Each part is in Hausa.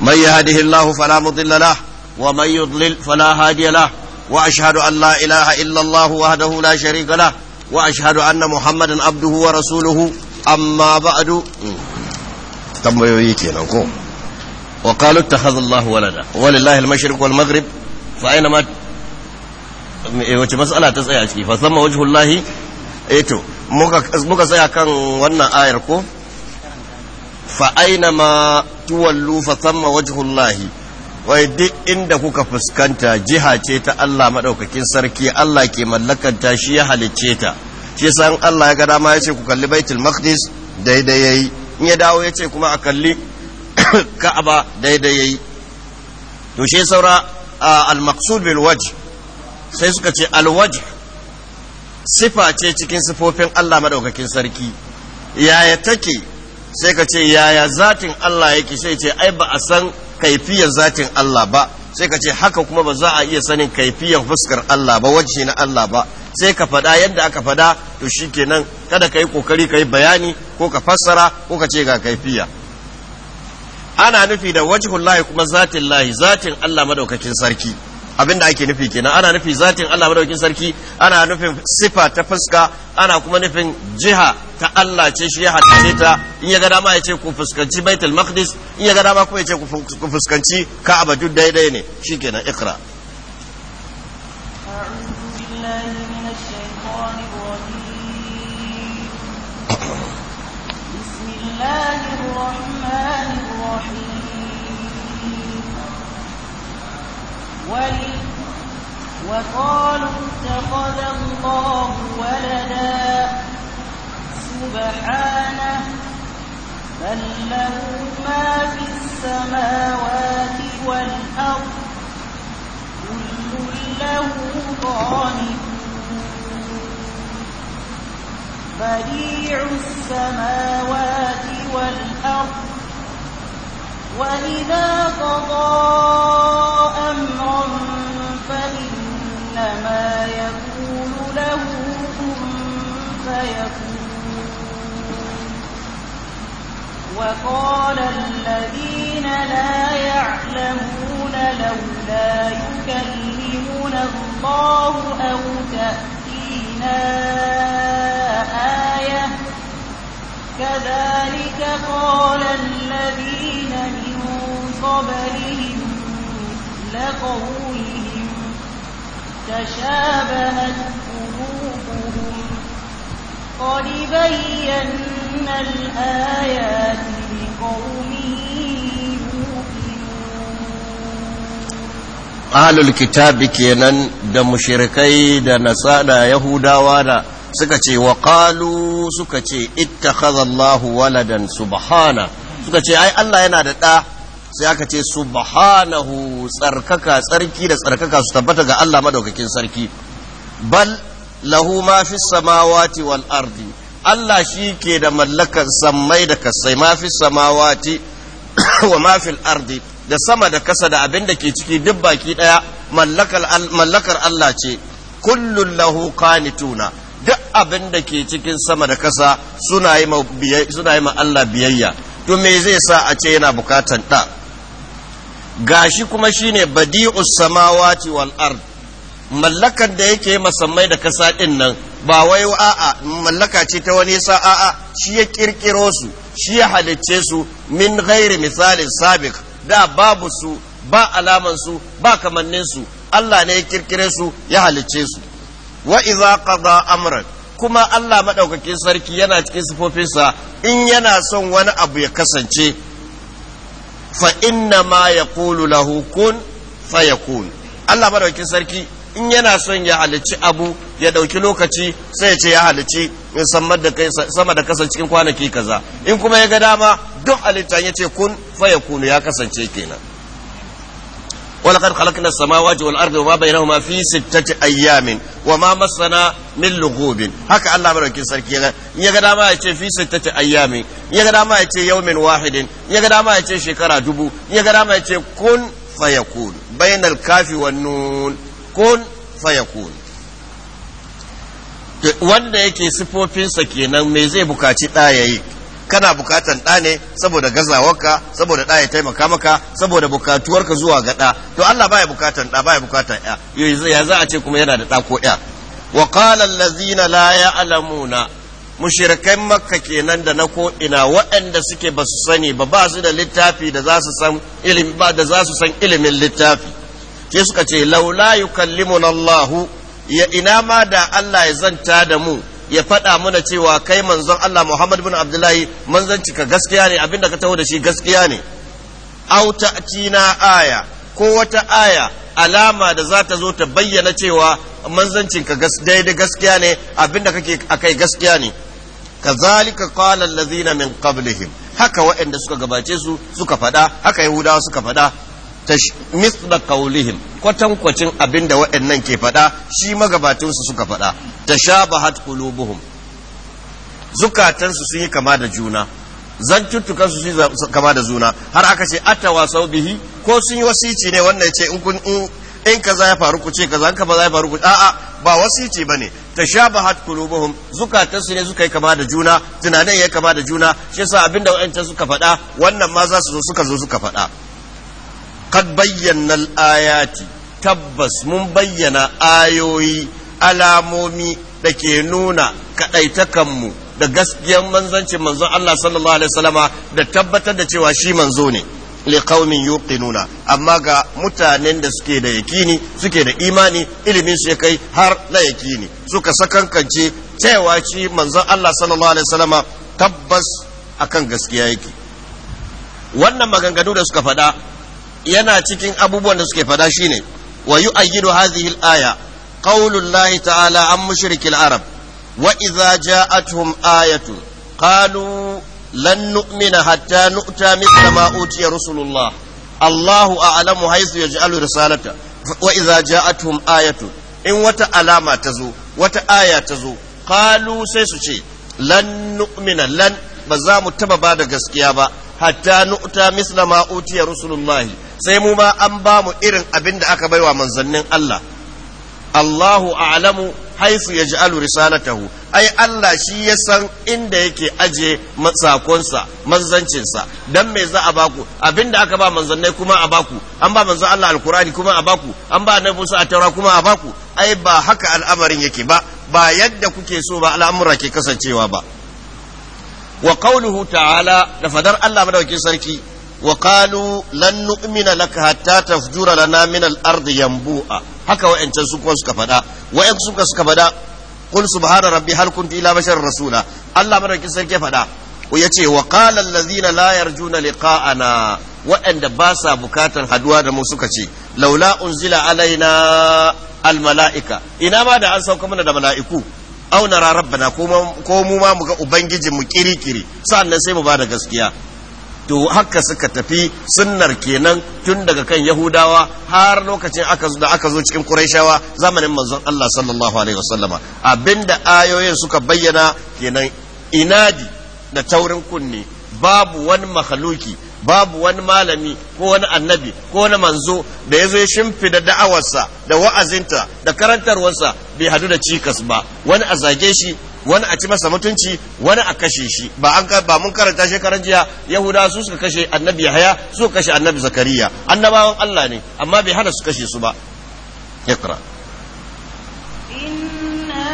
من يهده الله فلا مضل له ومن يضلل فلا هادي له واشهد ان لا اله الا الله وحده لا شريك له واشهد ان محمدا عبده ورسوله اما بعد tambayoyi kenan ko wa qalu ittakhadha Allahu walada walillahi al-mashriq fa aina ma wace mas'ala ta tsaya ciki fa muka muka tsaya kan wannan ayar ko fa aina ma tuwallu fa thamma wajhullahi wai duk inda kuka fuskanta jiha ce ta Allah maɗaukakin sarki Allah ke mallakanta shi ya halicce ta shi san Allah ya ga dama ya ce ku kalli baitul maqdis daidai yayi in ya dawo ya ce kuma a kalli ka'aba daidai yayi to shi saura al-maqsud bil sai suka ce al wajh sifa ce cikin sifofin Allah maɗaukakin sarki yaya take sai ka ce yaya zatin Allah yake sai ce ai ba a san kaifiyar zatin Allah ba sai ka ce haka kuma ba za a iya sanin kaifiyar fuskar Allah ba wacce na Allah ba sai ka faɗa yadda aka faɗa to shi shikenan kada ka yi kokari ka yi bayani ko ka fassara ko ka ce ga kaifiya ana nufi da wajhullahi kuma zatin lahi zatin Allah madaukakin sarki abinda ake nufi kenan ana nufi zatin Allah madaukin sarki ana nufin sifa ta fuska ana kuma nufin jiha ta Allah ce shi ya hadace ta in ya ga dama ya ce ku fuskanci Baitul Maqdis in ya ga dama kuma ya ce ku fuskanci Ka'aba duk daidai ne shikenan ikra بسم الله الرحمن الرحيم ولي وقالوا اتخذ الله ولدا سبحانه بل له ما في السماوات والأرض كل له قانتون بديع السماوات والأرض وإذا قضى فإنما يقول له كن فيكون وقال الذين لا يعلمون لولا يكلمنا الله أو تأتينا آية كذلك قال الذين من قبلهم مثل قولهم تشابهت قلوبهم قد بينا الآيات لقوم ahlul kitabi kenan da mushirikai da nasada yahudawa da suka ce wa suka ce ita waladan subhana suka ce ai Allah yana da ɗa sai aka ce subhanahu tsarkaka tsarki da tsarkaka su tabbata ga Allah madaukakin sarki bal lahu ma fi samawati wal ardi Allah shi ke da mallakar sammai da kasai ma fi samawati wa ma fi ardi da sama da kasa da abin da ke ciki duk baki daya mallakar Allah ce kullun lahu qanituna duk abin da ke cikin sama da kasa suna yi ma Allah biyayya to me zai sa a ce yana bukatan ɗa gashi kuma shine badi'us samawati wal ard mallakar da yake masammai da kasa din nan ba wai a'a mallaka ce ta wani sa a'a shi ya kirkiro su shi ya halicce su min ghairi misalin sabiq da babu su ba alaman su ba kamannin su Allah ne ya kirkire su ya halicce su wa idza qada amran kuma Allah madaukakin sarki yana cikin sifofinsa in yana son wani abu ya kasance fa inna ma hukun fa ya kulu. Allah madaukin sarki in yana son ya halici abu ya dauki lokaci sai ya ce ya halici sama da kasa cikin kwanaki kaza in kuma ya ga dama duk halittan ya ce kun fa ya kunu ya kasance kenan ولقد خلقنا السماوات والارض وما بينهما في سته ايام وما مسنا من لغوب هكا الله بركي سركي يا غدا ما يتي في سته ايام يا ما يتي يوم واحد يا ما يتي شكرا دبو يا ما يتي كن فيكون بين الكاف والنون كن فيكون wanda yake sifofinsa kenan me zai bukaci ɗaya kana bukatan ɗa ne saboda gazawarka saboda ɗa ya taimaka maka saboda bukatuwarka zuwa ga ɗa to Allah baya bukatan ɗa baya bukatan ɗa ya za a ce kuma yana da ɗa ko ɗa wa qala allazina la ya'lamuna mushrikan makka kenan da na ko ina waɗanda suke ba su sani ba ba su da littafi da za su san ilimi ba da za su san ilimin littafi Ke suka ce laula yukallimuna allahu ya ina ma da Allah ya zanta da mu ya faɗa mana cewa kai manzon Allah Muhammad bin Abdullahi manzanci ka gaskiya ne abinda ka taho da shi gaskiya ne au ta'tina aya ko wata aya alama da za ta zo ta bayyana cewa manzancin ka daidai gaskiya ne abinda kake akai gaskiya ne kazalika qala allazina min qablihim haka waɗanda suka gabace su suka faɗa haka yahudawa suka faɗa misla qaulihim kwatankwacin abinda waɗannan ke faɗa shi magabatunsu suka faɗa tashabahat qulubuhum zukatansu sun yi kama da juna zantuttukan su sun yi kama da juna har aka ce atawa sau bihi ko sun yi wasici ne wannan ce in kun in kaza ya faru ku ce kaza in kaza ya faru ku a'a ba wasici bane tashabahat qulubuhum zukatan su ne suka yi kama da juna tunanin ya kama da juna shi yasa abinda wa'annan suka faɗa wannan ma za su zo suka zo suka faɗa kad bayyana al'ayati tabbas mun bayyana ayoyi alamomi da ke nuna kaɗaitakanmu da gaskiyar manzancin manzon Allah sallallahu alaihi wasallama da tabbatar da cewa shi manzo ne yoke nuna amma ga mutanen da suke da yakini suke da imani ilimin su kai har na yakini suka sakankance cewa shi manzon Allah sallallahu alaihi wasallama tabbas akan gaskiya yake wannan maganganu da suka faɗa yana cikin abubuwan da suke fada shine wa yu'ayyidu hadhihi al-aya qawlu lahi ta'ala an mushrikil arab wa idza ja'atuhum ayatu qalu lan nu'mina hatta nu'ta mithla ma utiya rusulullah Allahu a'lamu haythu yaj'alu risalata wa idza ja'atuhum ayatu in wata alama ta zo wata aya ta zo qalu sai su ce lan nu'mina lan ba za mu taba ba da gaskiya ba hatta nu'ta misla ma utiya rusulullahi sai mu ma an ba mu irin abin da aka baiwa manzannin Allah Allahu a'lamu haifu ya na risalatahu ai Allah shi ya san inda yake aje sakonsa manzancinsa dan me za a baku abinda aka ba manzannai kuma a baku an ba manzan Allah alkurani kuma a baku an ba na Musa a kuma a baku ai ba haka al'amarin yake ba ba yadda kuke so ba al'amura ke kasancewa ba wa qauluhu ta'ala da fadar Allah madaukakin sarki وقالوا لن نؤمن لك حتى تفجر لنا من الأرض ينبوءا هكا وإن تنسوك وسكفدا وإن سوك سكفدا قل سبحان ربي هل كنت إلى بشر رسولا الله مرة كسر كفدا ويتي وقال الذين لا يرجون لقاءنا وأن باسا بكاتا حدوا موسكتي لولا أنزل علينا الملائكة إنا ما دعا سوكمنا دا ملائكو أو نرى ربنا كومو ما مغا أبنجي مكيري كيري سألنا سيمو بعد gaskiya to haka suka tafi sunnar kenan tun daga kan yahudawa har lokacin aka da aka zo cikin Qurayshawa zamanin manzon Allah sallallahu alaihi wasallama abinda ayoyin suka bayyana kenan inadi da taurin kunne babu wani makhluki babu wani malami ko wani annabi ko wani manzo da ya zo ya shimfida da'awarsa da wa'azinta da karantarwarsa bai hadu da cikas ba wani a zage shi wani a ci masa mutunci wani a kashe shi ba an ba mun karanta shekaran jiya yahuda su suka kashe annabi yahaya su kashe annabi zakariya annabawan Allah ne amma bai hana su kashe su ba iqra inna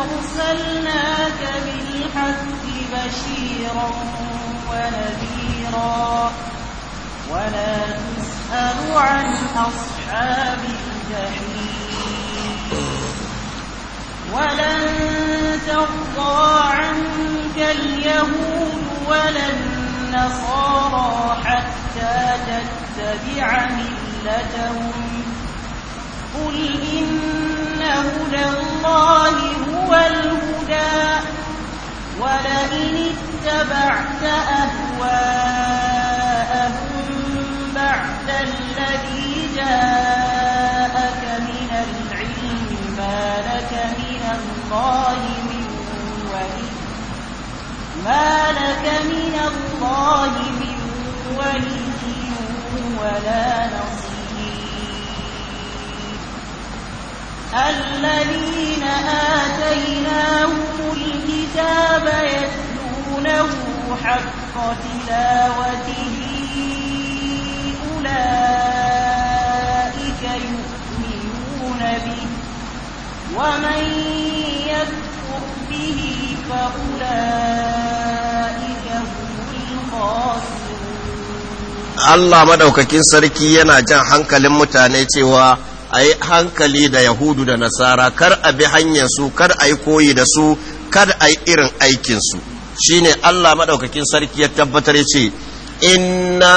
arsalnaka bil haqqi bashiran wa nadira wa la tus'alu an ashabil jahim ولن ترضى عنك اليهود ولا النصارى حتى تتبع ملتهم قل إن هدى الله هو الهدى ولئن اتبعت أهواءهم بعد الذي جاء الله من ولي ما لك من الله من ولي ولا نصير الذين آتيناهم الكتاب يتلونه حق تلاوته أولئك يؤمنون به ومن يكفر به فأولئك هم الخاسرون الله سركي yana jan hankalin mutane cewa a hankali da yahudu da nasara kar a bi hanyarsu kar a yi koyi da su kar a yi irin aikinsu shine allah maɗaukakin sarki ya tabbatar ya ce inna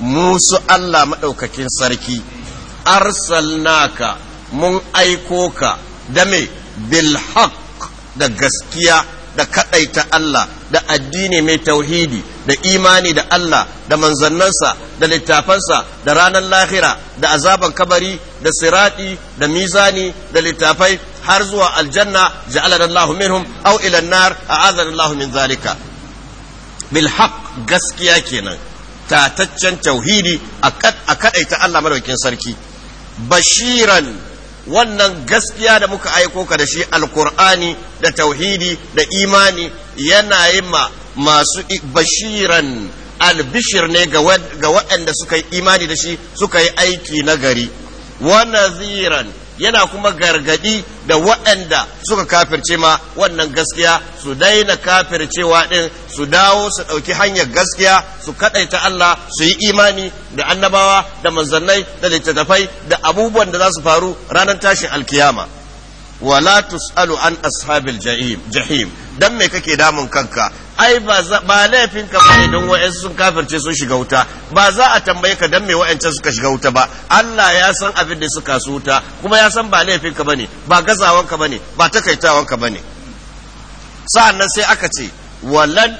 musu allah maɗaukakin sarki arsalnaka mun aiko ka da me bil da gaskiya da kaɗaita Allah da addini mai tauhidi da imani da Allah da manzannansa da littafansa da ranar lahira da azaban kabari da siraɗi da mizani da littafai har zuwa aljanna ja'alana Allahu minhum aw ila an-nar a'adana min zalika bil gaskiya kenan tataccen tauhidi a kaɗaita Allah madaukin sarki bashiran wannan gaskiya da muka aiko ka da shi alkur'ani da tauhidi da imani yana yi ma masu bashiran albishir ne ga waɗanda suka yi imani da shi suka yi aiki na gari wa naziran yana kuma gargadi da waɗanda suka kafirce ma wannan gaskiya su daina kafircewa ɗin su dawo su ɗauki hanyar gaskiya su kaɗaita Allah su yi imani da annabawa da manzannai da littattafai da abubuwan da za su faru ranar tashin alkiyama wala tusalu an ashabil jahim dan me kake damun kanka ai ba ba laifin ka bane don wa'ansu sun kafirce sun shiga wuta ba za a tambaye ka dan me wa'ancan suka shiga wuta ba Allah ya san abin da suka su wuta kuma ya san ba laifin ka bane ba gazawan ka bane ba takaitawan ka bane sa'annan sai aka ce walan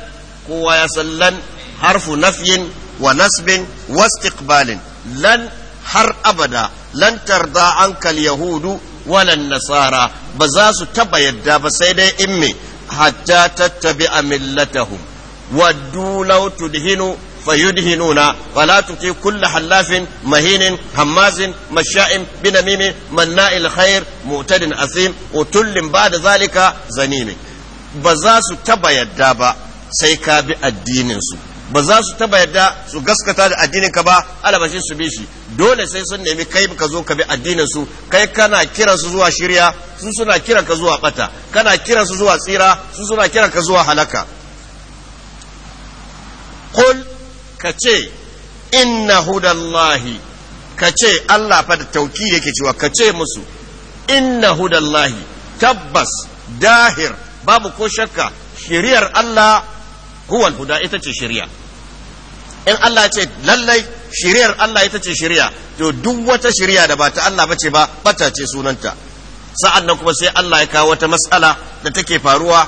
kowa ya sallan harfu nafyin wa nasbin wa istiqbalin lan har abada lan tarda ankal yahudu walan nasara ba za su taba yadda ba sai dai in me hatta tattabi a millatahum waddu law tudhinu فيدهنون فلا تطيع كل حلاف مهين هماز مشاء بنميم مناء الخير معتد أثيم وتل بعد ذلك زنيم بزاس تبا يدابا سيكا بأدين سوء ba za su taba yadda su gaskata da addinin ka ba alabashi su bi shi dole sai sun nemi kai ka zo ka bi addinin su kai kana kiran su zuwa shirya su suna kiran ka zuwa bata kana kiran su zuwa tsira su suna kiran ka zuwa halaka qul ka ce inna hudallahi ka ce Allah fa da tauki yake cewa ka ce musu inna hudallahi tabbas dahir babu ko shakka shiriyar Allah huwal huda ita ce shari'a in Allah ce lallai shari'ar Allah ita ce shari'a to duk wata shari'a da ba ta Allah bace ba bata ce sunanta sa'an nan kuma sai Allah ya kawo wata matsala da take faruwa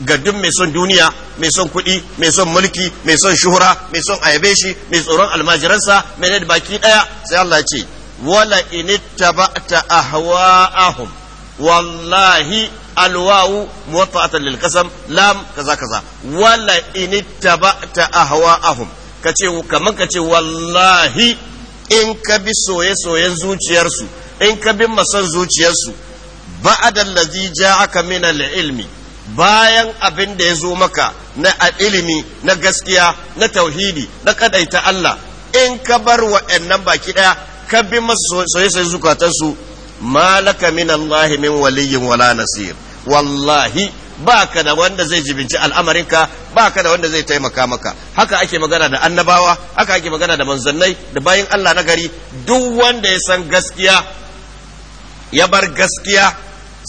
ga duk mai son duniya mai son kuɗi mai son mulki mai son shuhura mai son ayabe shi mai tsoron almajiransa mai baki ɗaya sai Allah ya ce wala inittaba'ta ahwa'ahum والله الواو موطأة للقسم لام كذا كذا ولا إن اتبعت أهواءهم كتشي كما كتشي والله إن كبي سوي سوي زوجي يرسو إن كبي مسان زوجي يرسو بعد الذي جاءك من العلم bayan abin da ya zo maka na ilimi na gaskiya na tauhidi na kadaita Allah in ka bar wa'annan baki daya ka bi masu soye-soye zukatansu Malaka min Allah min waliyyin wala nasir wallahi baka da wanda zai jibinci al'amarinka baka da wanda zai taimaka maka haka ake magana da annabawa haka ake magana da manzannai da bayin Allah na gari duk wanda ya san gaskiya ya bar gaskiya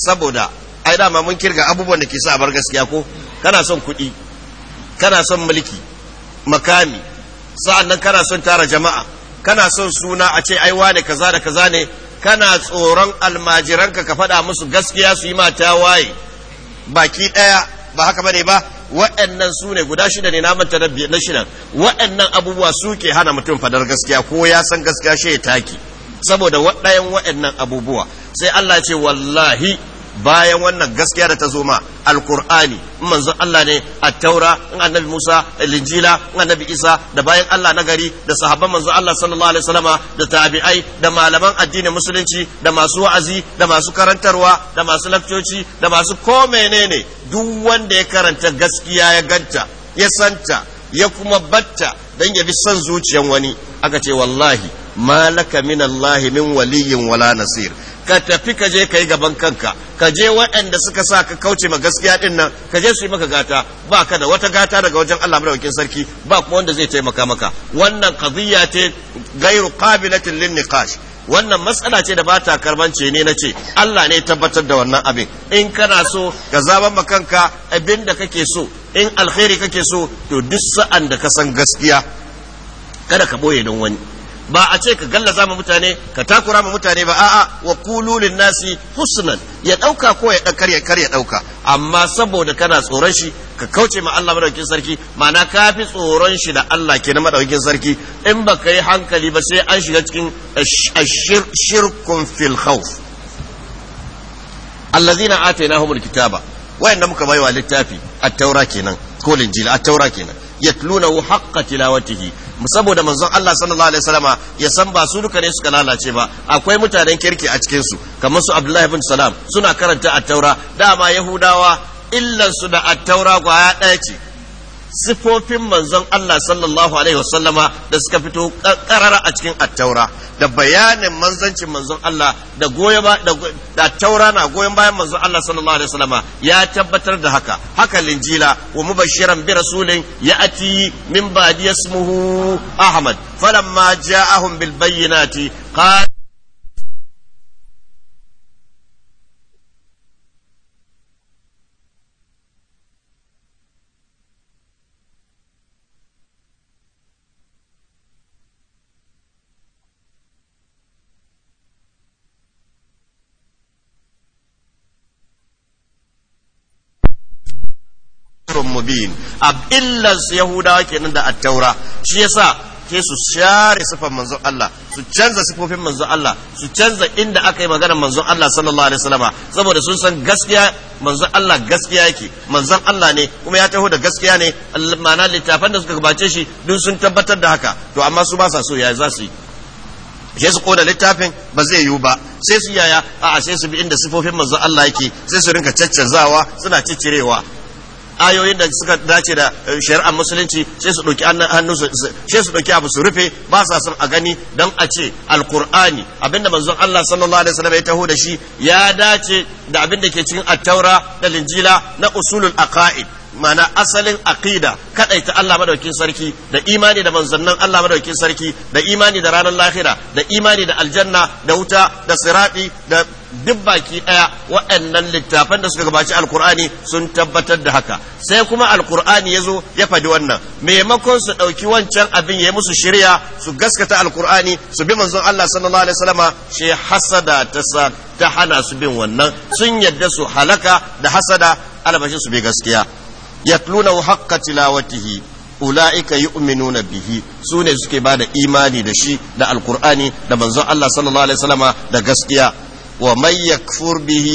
saboda ai dama mun kirga abubuwan da ke sa bar gaskiya ko kana son kuɗi kana son mulki makami sa'an nan kana son tara jama'a kana son suna a ce ai wane kaza da kaza ne kana tsoron almajiranka ka faɗa musu gaskiya su yi mata waye baki ɗaya ba haka bane ba waɗannan su ne guda shida ne na manta na shidan waɗannan abubuwa su ke hana mutum faɗar gaskiya ko ya san gaskiya shi ya taki saboda waɗayan waɗannan abubuwa sai Allah ce wallahi bayan wannan gaskiya da ta zo ma alkur'ani in manzon Allah ne a taura in annabi Musa linjila in annabi Isa da bayan Allah na gari da sahabban manzon Allah sallallahu alaihi wasallama da tabi'ai da malaman addinin musulunci da masu wa'azi da masu karantarwa da masu lakcoci da masu ko menene duk wanda ya karanta gaskiya ya ganta ya santa ya kuma batta dan ya bi son zuciyan wani aka ce wallahi malaka minallahi min waliyin wala nasir ka tafi ka je kai gaban kanka ka je waɗanda suka sa ka kauce ma gaskiya ɗin nan ka je su yi maka gata ba ka da wata gata daga wajen Allah madaukakin sarki ba kuma wanda zai taimaka maka wannan qadiyya ce gairu qabilatin lin niqash wannan matsala ce da ba ta karbance ne na ce Allah ne tabbatar da wannan abin in kana so ka zaban ma kanka abin da kake so in alkhairi kake so to duk sa'an da ka san gaskiya kada ka boye don wani ba a ce ka gallaza ma mutane ka takura ma mutane ba a'a wa kulu nasi husnan ya dauka ko ya dakar ya kar ya dauka amma saboda kana tsoron shi ka kauce ma Allah madaukin sarki ma'ana ka fi tsoron shi da Allah ke na madaukin sarki in ba ka yi hankali ba sai an shiga cikin shirkun fil khawf allazina atainahumul kitaba wayanda muka baiwa littafi at-taura kenan ko linjila at-taura kenan yatluna haqqa tilawatihi saboda manzon Allah sallallahu alaihi wasallama ya san ba su duka ne suka lalace ba akwai mutanen kirki a cikin su kamar su Abdullahi ibn Salam suna karanta at-Taura dama Yahudawa illan su da at-Taura gwaya ɗaya ce sifofin manzon Allah sallallahu alaihi wasallama da suka fito karara a cikin attaura da bayanin manzancin manzon Allah da ba da attaura na goyon bayan manzon Allah sallallahu alaihi wasallama ya tabbatar da haka haka linjila wa mubashiran bi rasulin ati min ba'di ismuhu ahmad falamma ja'ahum bil bayyinati qala illar su yahudawa kenan da attaura shi yasa ke su share sifan manzon Allah su canza sifofin manzon Allah su canza inda aka yi magana manzon Allah sallallahu alaihi wasallama saboda sun san gaskiya manzon Allah gaskiya yake manzon Allah ne kuma ya taho da gaskiya ne ma'ana littafan da suka gabace shi duk sun tabbatar da haka to amma su ba sa so ya za su yi sai su koda littafin ba zai yiwu ba sai su yaya a'a sai su bi inda sifofin manzon Allah yake sai su rinka caccazawa suna ciccirewa ayoyin da suka dace da eh, shari'ar musulunci sai su ɗauki hannu sai su ɗauki abu su rufe ba sa son a gani don a ce alkur'ani abinda manzon Allah sallallahu alaihi wasallam ya taho da shi ya dace da abinda ke cikin attaura da linjila na usulun aqaid mana asalin aqida ta Allah madaukin sarki da imani da manzannin Allah madaukin sarki da imani da ranar lahira da imani da aljanna da wuta da sirati da duk baki ɗaya waɗannan littafan da suka gabaci alkur'ani sun tabbatar da haka sai kuma alkur'ani ya zo ya faɗi wannan maimakon su ɗauki wancan abin ya musu shirya su gaskata alkur'ani su bi manzon Allah sallallahu alaihi wasallama shi hasada ta sa ta hana su bin wannan sun yadda su halaka da hasada albashin su bi gaskiya yatluna haqqa tilawatihi ula'ika yu'minuna bihi su ne suke bada imani da shi da alkur'ani da manzon Allah sallallahu alaihi wasallama da gaskiya ومن يكفر به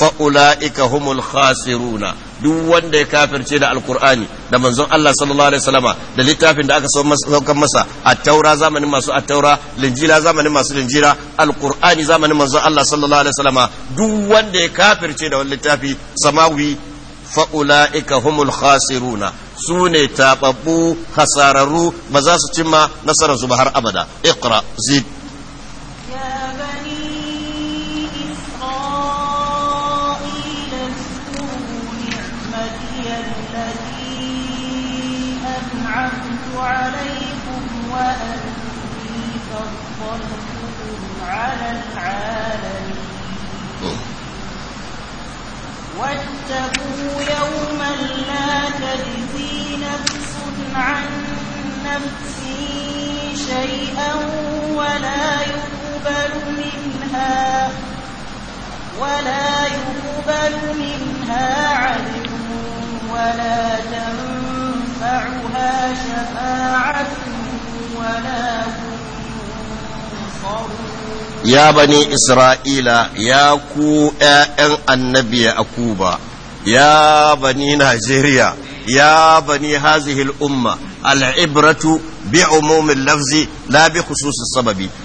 فأولئك هم الخاسرون duk wanda ya kafirce da alkur'ani da manzon Allah sallallahu alaihi wasallama da littafin da aka saukan masa a taura zamanin masu a taura linjila zamanin masu linjira alkur'ani zamanin manzon Allah sallallahu alaihi wasallama duk wanda ya kafirce da wannan littafi samawi fa ulaika humul khasiruna su ne tababbu hasararru ba za su cimma nasarar su ba har abada iqra zid عليكم وأني فضلتكم على العالمين واتقوا يوما لا تجزي نفس عن نفس شيئا ولا يقبل منها ولا يقبل منها عدل ولا تنفع Ya bani Isra'ila يا بني إسرائيل يا كو أن النبي أكوبا يا بني نيجيريا يا بني هذه الأمة العبرة بعموم اللفظ لا بخصوص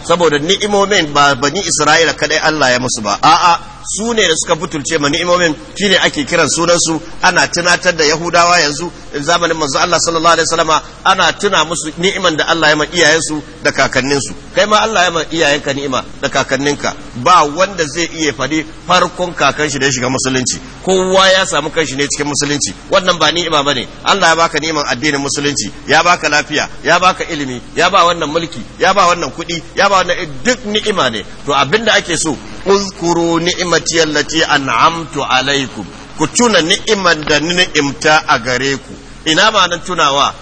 saboda ni'imomin ba bani Isra'ila kaɗai, Allah ya musu ba a'a su ne da suka butulce ma ni'imomin shine ake kiran sunansu. ana tunatar da Yahudawa yanzu zamanin manzo Allah sallallahu alaihi wasallama ana tuna musu ni'iman da Allah ya ma iyayensu da kakanninsu kai ma Allah ya ma ka ni'ima da kakanninka ba wanda zai iya fadi farkon kakan shi da ya shiga musulunci kowa ya samu kanshi ne cikin musulunci wannan ba ni'ima bane Allah ya baka ni'iman addinin musulunci ya baka lafiya ya baka ilimi ya ba wannan mulki ya ba wannan kuɗi ya ba wannan duk ni'ima ne to abinda ake so uzkuru ni'imati allati an'amtu alaikum ku tuna ni'imar da ni'imta a gare ku ina ma nan tunawa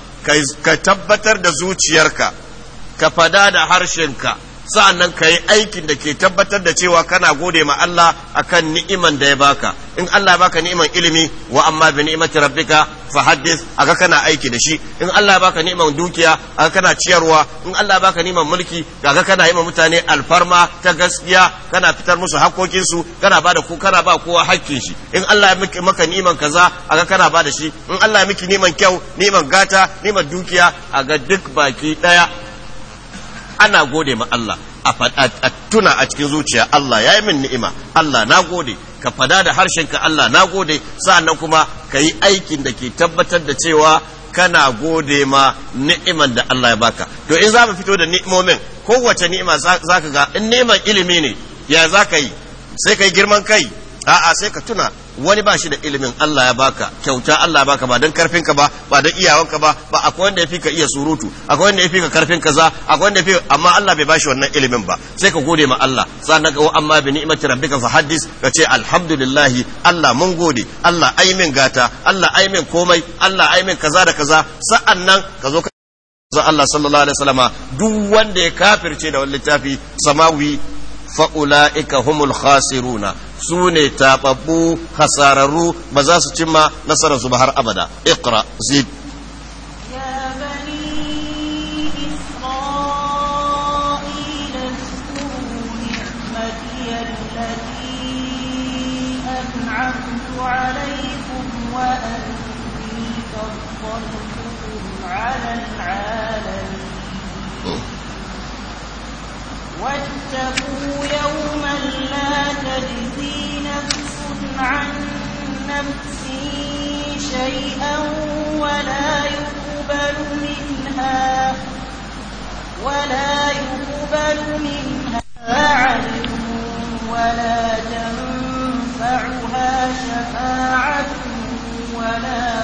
ka tabbatar da zuciyarka ka fada da harshenka Sa'an nan ka yi aikin da ke tabbatar da cewa kana gode ma Allah a kan ni'iman da ya baka in Allah ya baka ni'iman ilimi wa amma bi ni'mati rabbika fa a aga kana aiki da shi in Allah ya baka ni'iman dukiya aga kana ciyarwa in Allah ya baka ni'iman mulki aga kana yi ma mutane alfarma ta gaskiya kana fitar musu hakokin kana kana da ku kana ba kowa hakkin shi in Allah ya maka ni'iman kaza aga kana bada shi in Allah ya miki ni'iman kyau ni'iman gata ni'iman dukiya aga duk baki ɗaya. ana gode ma Allah a tuna a cikin zuciya Allah ya yi min ni'ima Allah na gode ka fada da harshen ka Allah na gode sa'annan kuma ka yi aikin da ke tabbatar da cewa kana gode ma ni'iman da Allah ya baka to in za mu fito da ni'imomin kowace ni'ima za ka ga in neman ilimi ne ya za ka yi sai ka yi girman kai a'a sai ka tuna wani ba shi da ilimin Allah ya baka kyauta Allah ya baka ba don karfinka ba ba don iyawanka ba ba akwai wanda ya fi ka iya surutu akwai wanda ya fi ka karfin kaza akwai wanda ya fi amma Allah bai bashi wannan ilimin ba sai ka gode ma Allah sannan ka amma bi ni'mati rabbika fa hadis ka ce alhamdulillah Allah mun gode Allah ai min gata Allah ai min komai Allah ai min kaza da kaza sa'annan ka zo ka Allah sallallahu alaihi wasallama duk wanda ya kafirce da wani littafi samawi fa'ula'ika humul khasiruna su ne taɓaɓɓu hasararru ba za su cimma nasararsu ba har abada iqra عن نفسه شيئا ولا يقبل منها ولا يقبل منها عدل ولا تنفعها شفاعة ولا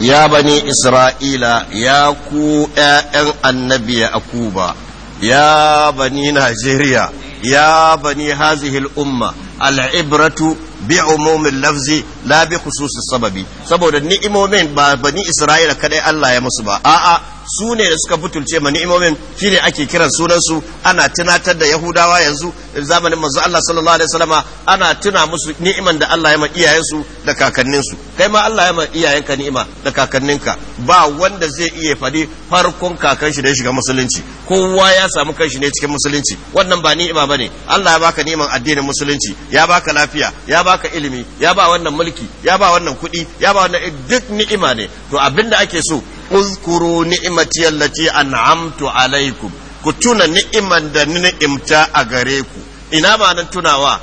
يا بني إسرائيل يا كو أن النبي أكوبا يا بني نيجيريا يا بني هذه الأمة العبرة بعموم اللفظ لا بخصوص السبب saboda ni'imomin ba bani Isra'ila kaɗai Allah ya musu ba a'a su ne da suka butulce ma ni'imomin ne ake kiran sunansu ana tunatar da yahudawa yanzu zamanin manzo Allah sallallahu alaihi wasallama ana tuna musu ni'iman da Allah ya ma iyayensu da kakanninsu kai ma Allah ya ma iyayenka ni'ima da kakanninka ba wanda zai iya fadi farkon kakan shi da ya shiga musulunci kowa ya samu kanshi ne cikin musulunci wannan ba ni'ima bane Allah ya baka ni'iman addinin musulunci ya baka lafiya ya baka ilimi ya ba wannan mulki ya ba wannan kuɗi ya ba wannan eh, duk ni'ima ne to abinda ake so uzkuru ni'imati allati an'amtu alaikum ku tuna ni'iman da ni'imta a gare ku ina ma nan tunawa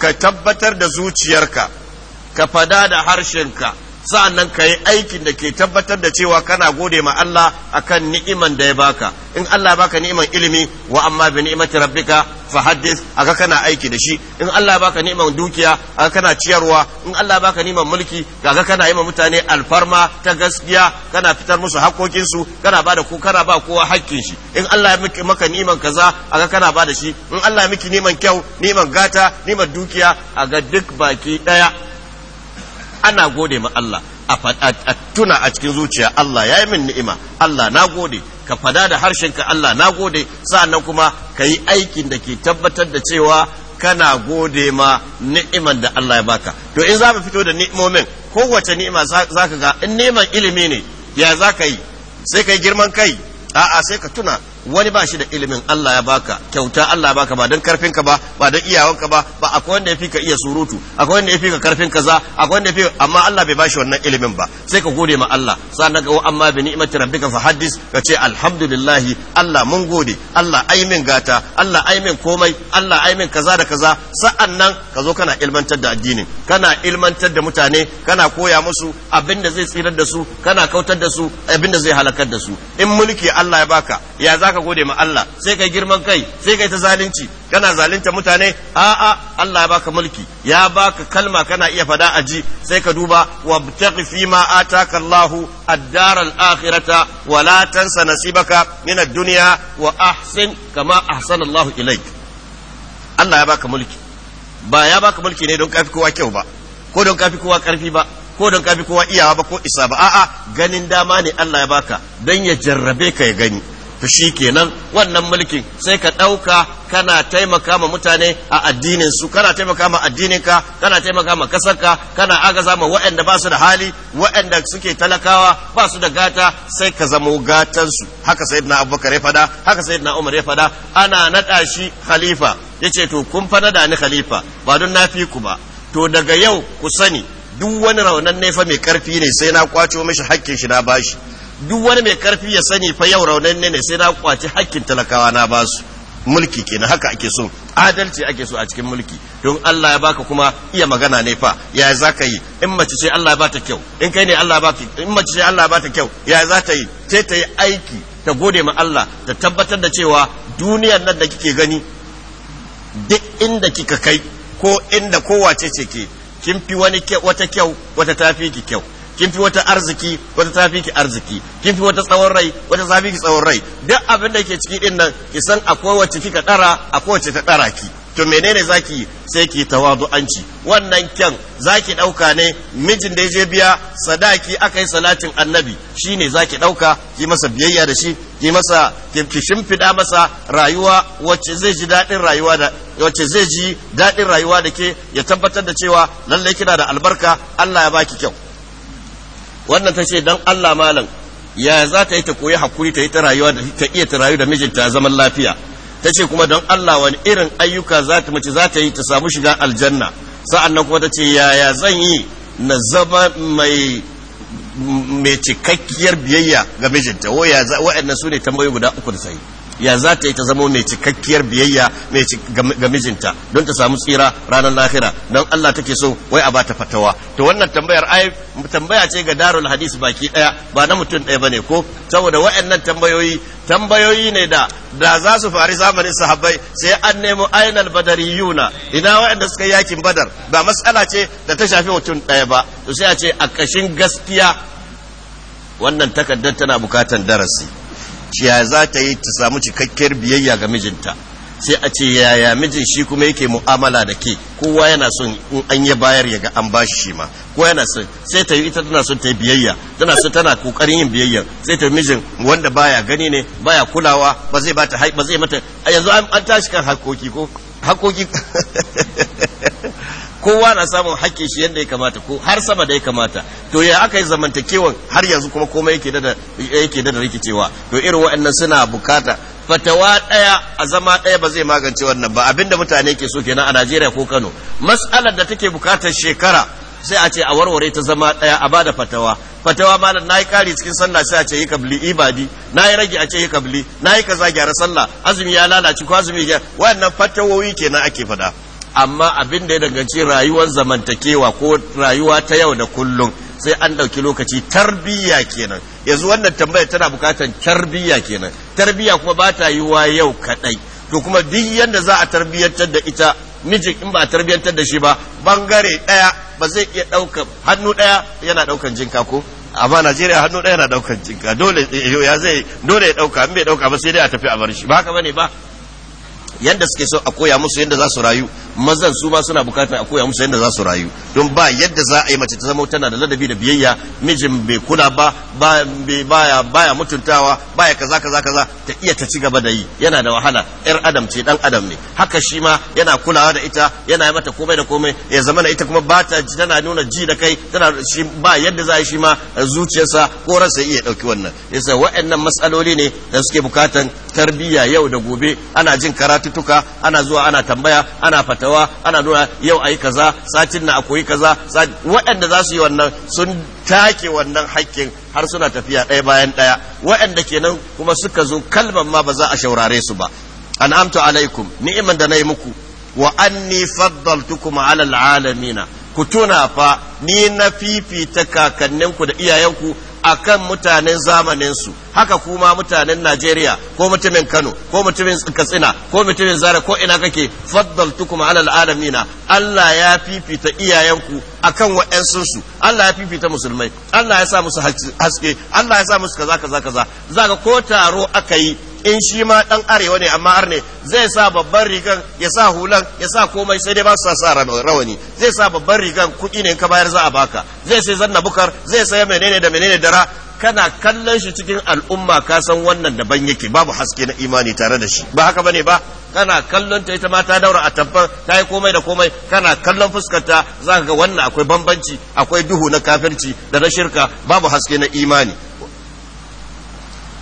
ka tabbatar da zuciyarka ka fada da harshenka sa'an nan ka yi aikin da ke tabbatar da cewa kana gode ma Allah a kan ni'iman da ya baka in Allah baka ni'iman ilimi wa amma bi ni'imati rabbika fa haddis aka kana aiki da shi in Allah baka ni'iman dukiya aka kana ciyarwa in Allah baka ni'iman mulki kaga kana yi mutane alfarma ta gaskiya kana fitar musu hakokin kana kana da ko kana ba kowa hakkin shi in Allah miki maka ni'iman kaza aka kana bada shi in Allah miki ni'iman kyau ni'iman gata ni'iman dukiya aga duk baki ɗaya. ana gode ma Allah a tuna a cikin zuciya Allah ya yi min ni'ima Allah na gode ka fada da harshen ka Allah na gode sa'annan kuma ka yi aikin da ke tabbatar da cewa kana gode ma ni'iman da Allah ya baka to in za mu fito da ni'imomin kowace ni'ima za ka ga in neman ilimi ne ya za ka yi sai ka yi girman kai a'a sai ka tuna wani ba shi da ilimin Allah ya baka kyauta Allah ya baka ba don karfin ka ba ba don iyawanka ba ba akwai wanda ya fi ka iya surutu akwai wanda ya fi ka karfin kaza akwai wanda ya fi amma Allah bai bashi wannan ilimin ba sai ka gode ma Allah sannan ga amma bi ni'mati rabbika fa haddis ka ce alhamdulillah Allah mun gode Allah ai min gata Allah ai min komai Allah ai min kaza da kaza sa'annan ka zo kana ilmantar da addinin kana ilmantar da mutane kana koya musu abinda zai tsirar da su kana kautar da su abinda zai halakar da su in mulki Allah ya baka ya za ka gode ma Allah sai kai girman kai sai kai ta zalunci kana zalunta mutane a'a Allah ya baka mulki ya baka kalma kana iya fada a ji sai ka duba wabtaghi fi ma ataka Allahu ad-dar al-akhirata wa la tansa nasibaka min ad-dunya wa ahsin kama ahsana Allah ilaik Allah ya baka mulki ba ya baka mulki ne don kafi kowa kyau ba ko don kafi kowa karfi ba ko don kafi kowa iyawa ba ko isa ba a'a ganin dama ne Allah ya baka don ya jarrabe ka ya gani to kenan wannan mulkin sai ka ɗauka kana taimaka ma mutane a addinin su kana taimaka ma addinin ka kana taimaka ma kasarka kana agaza ma waɗanda ba su da hali waɗanda suke talakawa ba su da gata sai ka zamo gatan su haka sayyidina abubakar ya fada haka sayyidina umar ya fada ana naɗa shi khalifa yace to kun fa nada ni khalifa ba don na fi ku ba to daga yau ku sani duk wani raunan nefa mai karfi ne sai na kwaco mishi hakkin shi na bashi duk wani mai karfi ya sani fa yau raunanne ne sai na kwaci hakkin talakawa na ba su mulki kenan haka ake so adalci ake so a cikin mulki don Allah ya baka kuma iya magana ne fa ya za ka yi in mace ce Allah ya bata kyau in kai ne Allah ya bata in mace ce Allah ya bata kyau ya za ta yi ta yi aiki ta gode ma Allah ta tabbatar da cewa duniyar nan da kike gani duk inda kika kai ko inda kowace ce ke kin fi wani wata kyau wata tafi ki kyau kin fi wata arziki wata tafi ki arziki kin fi wata tsawon rai wata tafi ki tsawon rai duk abin da ke ciki din nan ki san akwai wacce kika dara akwai wacce ta dara ki to menene zaki sai ki tawadu'anci wannan kyan zaki dauka ne mijin da je biya sadaki akai salatin annabi shine zaki dauka ki masa biyayya da shi ki masa ki shimfida masa rayuwa wacce zai ji dadin rayuwa da wacce zai ji dadin rayuwa da ke ya tabbatar da cewa lallai kina da albarka Allah ya baki kyau wannan ta ce don Allah malam ya za ta yi ta koyi hakuri ta yi ta rayuwa da ta iya ta rayu da mijinta zaman lafiya ta ce kuma don Allah wani irin ayyuka za ta mace za ta yi ta samu shiga aljanna sa'an nan kuma ta ce yaya zan yi na zama mai cikakkiyar biyayya ga mijinta wa'annan su ne tambayoyi guda uku da sai ya za ta yi ta zama mai cikakkiyar biyayya mai ga mijinta don ta samu tsira ranar lahira don Allah take so wai a bata fatawa to wannan tambayar ai tambaya ce ga darul hadis baki daya ba na mutum daya bane ko saboda wayannan tambayoyi tambayoyi ne da da za su fari zamanin sahabbai sai an nemo ainal badariyuna ina wayanda suka yakin badar ba matsala ce da ta shafi mutum daya ba to sai a ce a kashin gaskiya wannan takardar tana bukatan darasi ciya za ta yi ta samu cikakkiyar biyayya ga mijinta sai a ce yaya mijin shi kuma yake mu'amala da ke kowa yana son in an yi bayar ya ga an bashi shi ma kowa yana son sai ta yi ita tana son ta yi biyayya tana son tana kokarin yin biyayya sai ta mijin wanda baya gani ne baya kulawa ba zai bata ba zai mata yanzu an tashi kan hakoki ko hakoki kowa na samun hakkin shi yadda ya kamata ko har sama da ya kamata to ya aka yi zamantakewan har yanzu kuma komai yake da yake da rikicewa to irin waɗannan suna bukata fatawa ɗaya a zama ɗaya ba zai magance wannan ba abinda mutane ke so kenan a Najeriya ko Kano mas'alar da take bukatar shekara sai a ce a warware ta zama ɗaya a bada fatawa fatawa malam nayi kari cikin sallah sai a ce yi kabli ibadi nayi rage a ce yi kabli nayi kaza gyara sallah azumi ya lalace ko azumi ya wannan fatawoyi kenan ake fada amma abin da ya danganci rayuwar zamantakewa ko rayuwa ta yau da kullum sai an ɗauki lokaci tarbiyya kenan yanzu wannan tambaya tana bukatar tarbiyya kenan tarbiyya kuma ba ta yiwa yau kaɗai to kuma duk yadda za a tarbiyyantar da ita mijin in ba a tarbiyyantar da shi ba bangare ɗaya ba zai iya ɗaukan hannu ɗaya yana ɗaukan jinka ko amma Najeriya hannu ɗaya yana ɗaukan jinka dole eh, ya zai dole ya ɗauka in bai ɗauka ba sai dai a tafi a bar shi ba haka bane ba Yadda suke so a koya musu yadda za su rayu mazan su ma suna bukatar a koya musu yadda za su rayu don ba yadda za a yi mace ta zama tana da ladabi da biyayya mijin bai kula ba baya baya mutuntawa baya kaza kaza kaza ta iya ta ci gaba da yi yana da wahala yar adam ce dan adam ne haka shi ma yana kulawa da ita yana yi mata komai da komai ya zama da ita kuma ba ta tana nuna ji da kai tana shi ba yadda za a yi shi ma zuciyarsa ko rasa iya dauki wannan yasa wa'annan matsaloli ne da suke bukatan tarbiyya yau da gobe ana jin karatu satuttuka ana zuwa ana tambaya ana fatawa ana nuna yau ayi kaza satin na akwai kaza waɗanda za su yi wannan sun take wannan haƙƙin har suna tafiya ɗaya bayan ɗaya waɗanda kenan kuma suka zo kalban ma ba za a shaurare su ba an'amtu alaikum ni'iman da na yi muku wa anni faddaltukum ala alalamina ku tuna fa ni na fifita kakanninku da iyayenku akan mutanen zamanin su haka kuma mutanen Najeriya ko mutumin Kano ko mutumin Katsina ko mutumin Zara ko ina kake faddaltukum alal alamina Allah ya fifita iyayenku akan wa'ansu su Allah ya fifita musulmai Allah ya sa musu haske Allah ya sa musu kaza kaza kaza zaka ko taro aka yi in shi ma dan arewa ne amma arne zai sa babban rigan ya sa hulan ya sa komai sai dai ba su sa rawani zai sa babban rigan kuɗi ne ka bayar za a baka zai sai zanna bukar zai sai menene da menene dara kana kallon shi cikin al'umma ka san wannan daban yake babu haske na imani tare da shi ba haka bane ba kana kallon ta ita ma ta daura a tabbar ta yi komai da komai kana kallon fuskarta za ka ga wannan akwai bambanci akwai duhu na kafirci da na shirka babu haske na imani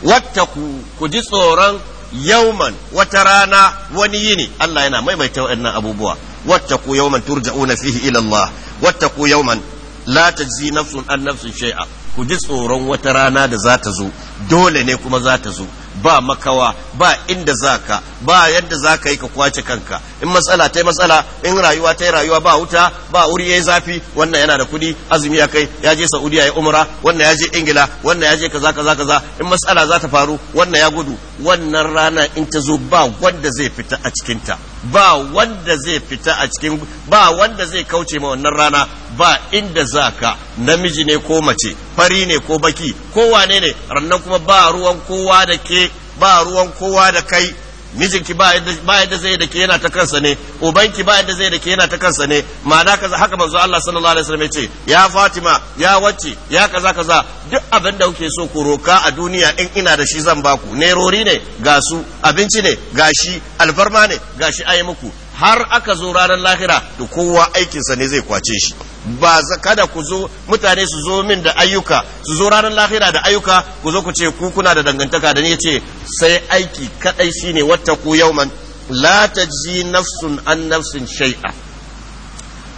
wattaku ku ji tsoron yauman wata rana wani yini Allah yana maimaita waɗannan abubuwa wattaku yauman turja'una fihi ila Allah wattaku yauman la tajzi nafsun an nafsin shay'a ku ji tsoron wata rana da za ta zo dole ne kuma za ta zo ba makawa ba inda zaka ba yadda zaka yi ka kwace kanka in matsala ta matsala in rayuwa ta rayuwa ba wuta ba wuri yayi zafi wannan yana da kuɗi azumi ya kai ya je saudiya ya umra wannan ya je ingila wannan ya je kaza kaza kaza in matsala za ta faru wannan ya gudu wannan rana in ta zo ba wanda zai fita a cikinta ba wanda zai fita a cikin ba wanda zai kauce ma wannan rana ba inda zaka namiji ne ko mace fari ne ko baki kowa ne ne rannan kuma ba ruwan kowa da ke ba ruwan kowa da kai mijinki ba yadda zai da ke yana ta kansa ne ubanki ba yadda zai da ke yana ta kansa ne ma'ana kaza haka manzo Allah sallallahu alaihi wasallam yace ya Fatima ya wacce ya kaza kaza duk abin da kuke so ku roka a duniya in ina da shi zan baku nerori ne ga su abinci ne ga shi alfarma ne ga gashi ayi muku har aka zo ranar lahira to kowa aikinsa ne zai kwace shi ba kada ku zo mutane su zo min da ayyuka su zo ranar lahira da ayyuka ku zo ku ce ku kuna da dangantaka da ni ce sai aiki kadai shine ku yauman la tajzi nafsun an nafsin shay'a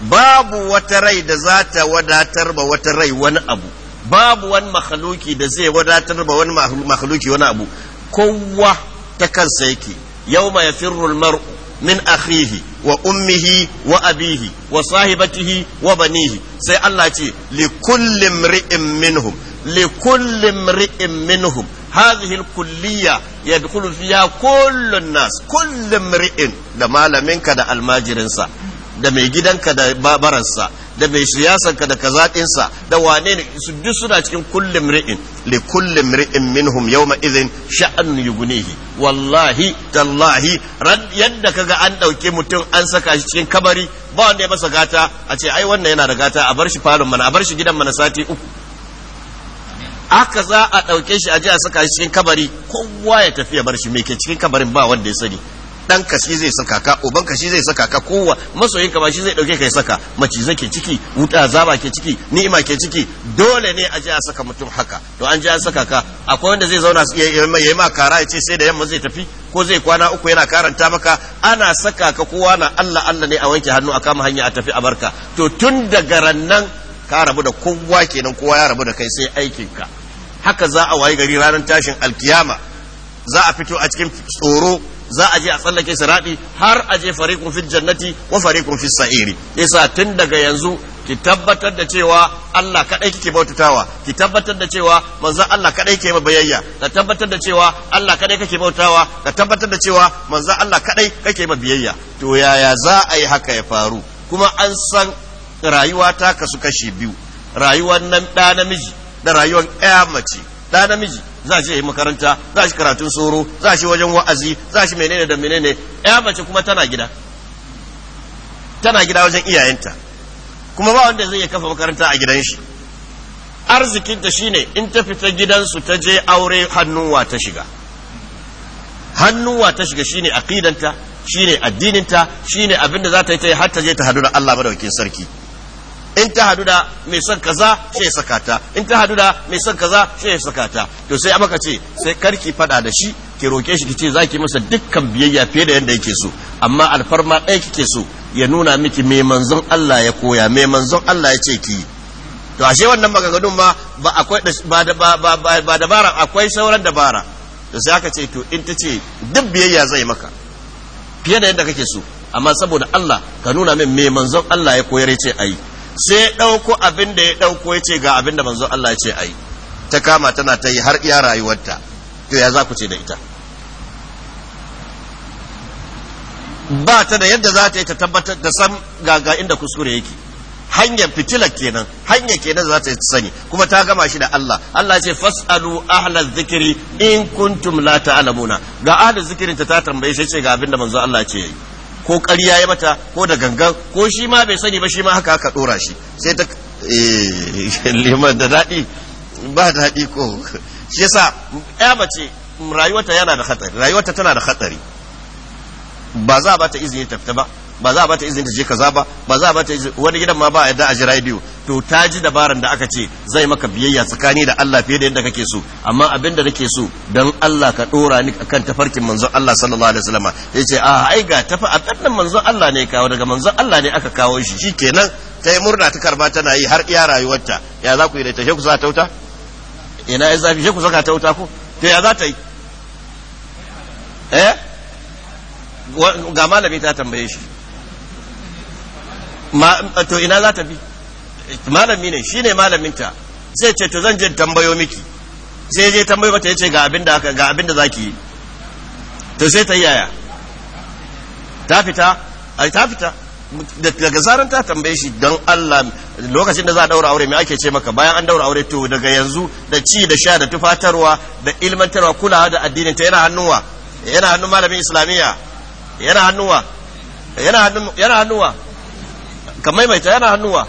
babu wata rai da za ta wadatar ba wata rai wani abu babu wani makhluki da zai wadatar ba wani makhluki wani abu kowa ta kansa yake yauma yafirru al-mar'u min akhihi wa ummihi wa abihi wa sahibatihi wa banihi sai Allah ce li kulli mri'in minhum li kulli mri'in minhum hadhihi al-kulliyya yadkhulu fiha kullu an-nas kullu ri'in da malaminka da almajirinsa da mai gidanka da babararsa da mai siyasanka ka da kazaɗinsa da wane ne su duk suna cikin kullum ri'in li kullum ri'in minhum ma izin sha'an yugunihi wallahi tallahi yadda kaga an ɗauke mutum an saka shi cikin kabari ba wanda ya masa gata a ce ai wannan yana da gata a bar shi falon mana a bar shi gidan mana sati uku aka za a ɗauke shi a ji a saka shi cikin kabari kowa ya tafi ya bar shi me ke cikin kabarin ba wanda ya sani dan ka shi zai saka ka uban ka zai saka ka kowa masoyinka ba shi zai dauke ka ya saka macizai ke ciki wuta zaba ke ciki ni'ima ke ciki dole ne a je a saka mutum haka to an je an saka ka akwai wanda zai zauna ya yi ma kara ya ce sai da yamma zai tafi ko zai kwana uku yana karanta maka ana saka ka kowa na Allah Allah ne a wanke hannu a kama hanya a tafi a barka to tun daga rannan ka rabu da kowa kenan kowa ya rabu da kai sai aikin ka haka za a wayi gari ranar tashin alkiyama za a fito a cikin tsoro za a je a tsallake siradi har a je fariqun fil jannati wa fariqun fis sa'iri yasa tun daga yanzu ki tabbatar da cewa Allah kadai kike bautatawa ki tabbatar da cewa manzon Allah kadai ke ma biyayya ka tabbatar da cewa Allah kadai kake bautawa ka tabbatar da cewa manzon Allah kadai kake ma biyayya to yaya za a yi haka ya faru kuma an san rayuwa ta kasu kashi biyu rayuwar nan da namiji da rayuwar ɗaya mace ɗa namiji za shi yi makaranta za shi karatun soro za shi wajen wa'azi za shi menene da menene ya mace kuma tana gida tana gida wajen iyayenta kuma ba wanda zai kafa makaranta a gidan shi arzikinta shine in ta fita gidansu ta je aure hannuwa ta shiga hannuwa ta shiga shine aqidanta shine addininta shine abin da za ta yi ta har ta je ta hadu da Allah madaukin sarki in ta hadu da mai son kaza sai ya saka ta in ta hadu da mai son kaza sai ya saka ta to sai amaka ce sai karki fada da shi ki roke shi ki ce zaki masa dukkan biyayya fiye da yanda yake so amma alfarma ɗaya kike so ya nuna miki mai manzon Allah ya koya mai manzon Allah ya ce ki to ashe wannan magagadun ma ba akwai ba ba ba dabara akwai sauran dabara to sai aka ce to in ta ce duk biyayya zai maka fiye da yadda kake so amma saboda Allah ka nuna min me manzon Allah ya koyar ce ayi sai ɗauko abin da ya ɗauko ya ce ga abin da manzo Allah ya ce ai ta kama tana ta yi har iya rayuwarta to ya za ku ce da ita ba ta da yadda za ta yi ta tabbatar da san gaga inda kuskure yake hanyar fitilar kenan hanyar kenan za ta sani kuma ta gama shi da Allah Allah ce fasalu ahlaz zikiri in kuntum la ta'lamuna ga ahlaz zikirin ta tambaye shi ce ga abin da manzo Allah ce yayi ko ƙarya ya mata ko da gangan ko shi ma bai sani ba shi ma haka aka ɗora shi sai ta eh, liman da daɗi ba daɗi ko shi yasa ya mace rayuwarta yana da hatsari rayuwarta tana da hatsari ba za a bata izini ta ba ba za a bata izini ta je kaza ba ba za a bata izini wani gidan ma ba a yadda a ji radio to ta ji dabaran da aka ce zai maka biyayya tsakani da Allah fiye da yadda kake so amma abin da nake so dan Allah ka dora ni akan tafarkin manzo Allah sallallahu alaihi wasallam ya ce a ah, ai ga tafa a tannan manzo Allah ne kawo daga manzo Allah ne aka kawo shi shikenan tai murna ta karba tana yi har iya rayuwarta ya za ku yi da ta ku ta tauta ina ya zafi shi ku saka tauta ko to ya za ta yi eh ga malami ta tambaye shi ma to ina za ta bi malami ne shi ne malaminta sai ce to zan je tambayo miki sai zai tambayo mata yace ga abin da aka ga abin da zaki yi to sai ta yaya ta fita ai ta fita daga zaran ta tambaye shi don Allah lokacin da za a daura aure mai ake ce maka bayan an daura aure to daga yanzu da ci da sha da tufatarwa da ilmantarwa kulawa da addinin ta yana hannuwa yana hannun malamin islamiyya yana hannuwa yana hannuwa kamar mai ta yana hannuwa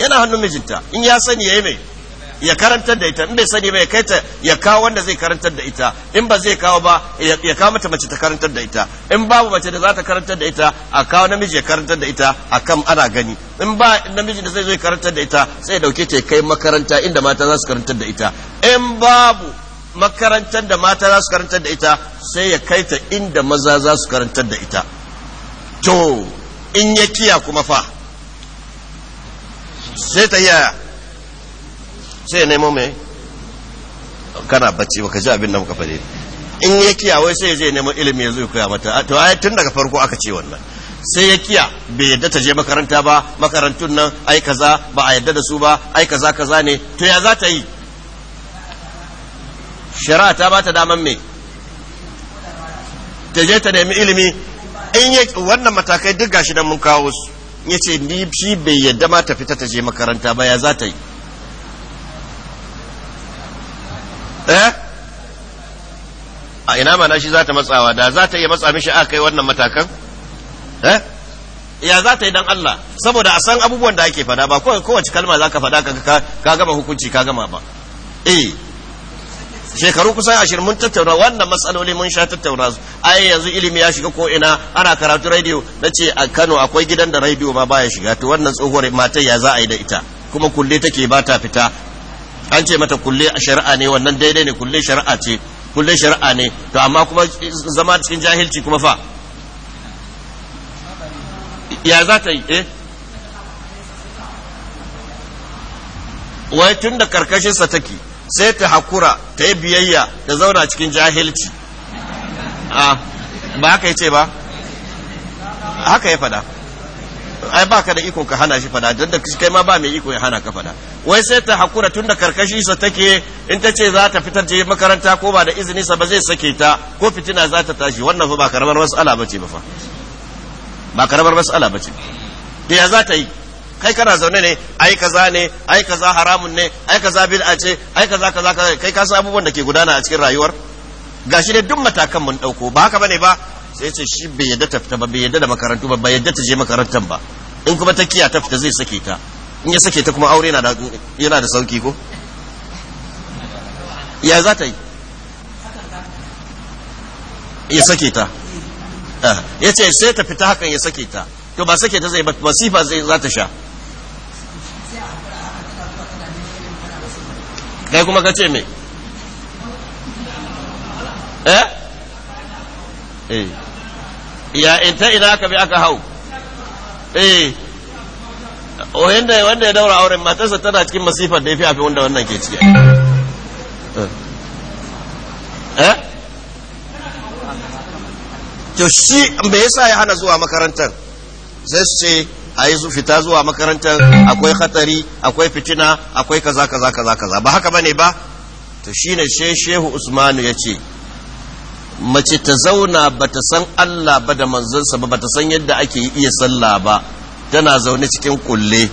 yana hannun mijinta in ya sani ya yi mai ya karantar da ita in bai sani ba ya kai ta ya kawo wanda zai karantar da ita in ba zai kawo ba ya kawo mata mace ta karantar da ita in babu mace da za ta karantar da ita a kawo namiji ya karantar da ita a kan ana gani in ba namiji da zai zo ya karantar da ita sai ya dauke ta ya kai makaranta inda mata za su karantar da ita in babu makarantar da mata za su karantar da ita sai ya kai ta inda maza za su karantar da ita to in ya kiya kuma fa sai ta yaya sai nemo mai kana bacci baka ji abin da muka fade in ya kiya wai sai zai nemo ilimi ya zo koya mata to ai tun daga farko aka ce wannan sai ya kiya bai yadda ta je makaranta ba makarantun nan ai kaza ba a yadda da su ba ai kaza kaza ne to ya za ta yi shari'a ta bata daman me ta je ta nemi ilimi in ya wannan matakai duk gashi nan mun kawo su ya ce ni shi bai yadda ma ta fita ta je makaranta ba ya za ta yi eh a ina mana shi za ta matsawa da za ta iya matsa mishi a kai wannan matakan eh ya za ta yi dan Allah saboda a san abubuwan da ake fada ba kowace kalma za ka fada ka gama hukunci ka gama ba eh shekaru kusan ashirin mun tattauna wannan matsaloli mun sha tattauna su ai yanzu ilimi ya shiga ko ina ana karatu radio na ce a kano akwai gidan da radio ma baya shiga to wannan tsohuwar matar ya za a yi da ita kuma kulle take ba ta fita an ce mata kulle shari'a ne wannan daidai ne kulle shari'a ce kulle shari'a ne to amma kuma zama cikin jahilci kuma fa ya za ta yi eh wai tun da sa take sai ta hakura ta yi biyayya ta zauna cikin jahilci ba haka ya ce ba haka ya fada ai ba ka da iko ka hana shi fada don da kai ma ba mai iko ya hana ka fada wai sai ta hakura tun da karkashi sa take in ta ce za ta fitar je makaranta ko ba da izini sa ba zai sake ta ko fitina za ta tashi wannan ba karamar mas'ala ce ba fa ba karamar mas'ala ce da ya za ta yi kai kana zaune ne ai kaza ne ai kaza haramun ne ai kaza bid'a ce ai kaza kaza kaza kai ka san abubuwan da ke gudana a cikin rayuwar gashi ne duk matakan mun dauko ba haka bane ba sai ce shi bai yadda ta fita ba bai yadda da makarantu ba bai yadda ta je makarantar ba in kuma ta kiya ta fita zai sake ta in ya sake ta kuma aure yana da yana da sauki ko ya za ta yi ya sake ta eh. ya ce sai ta fita hakan ya sake ta to ba sake ta zai ba masifa zai za ta sha kai kuma ka ce me eh eh ya ita ina ka bi aka hau eh oh, wanda wanda ya daura auren matarsa tana cikin masifar da ya fi hafi wanda wannan ke ciki eh? eh to shi me yasa ya hana zuwa makarantar sai su ce A su fita zuwa makarantar akwai hatsari akwai fitina akwai kaza kaza kaza kaza ba haka bane ba to shine she shehu usmanu ya ce mace ta zauna ba ta san Allah ba da manzansa ba ta san yadda ake iya sallah ba tana zaune cikin kulle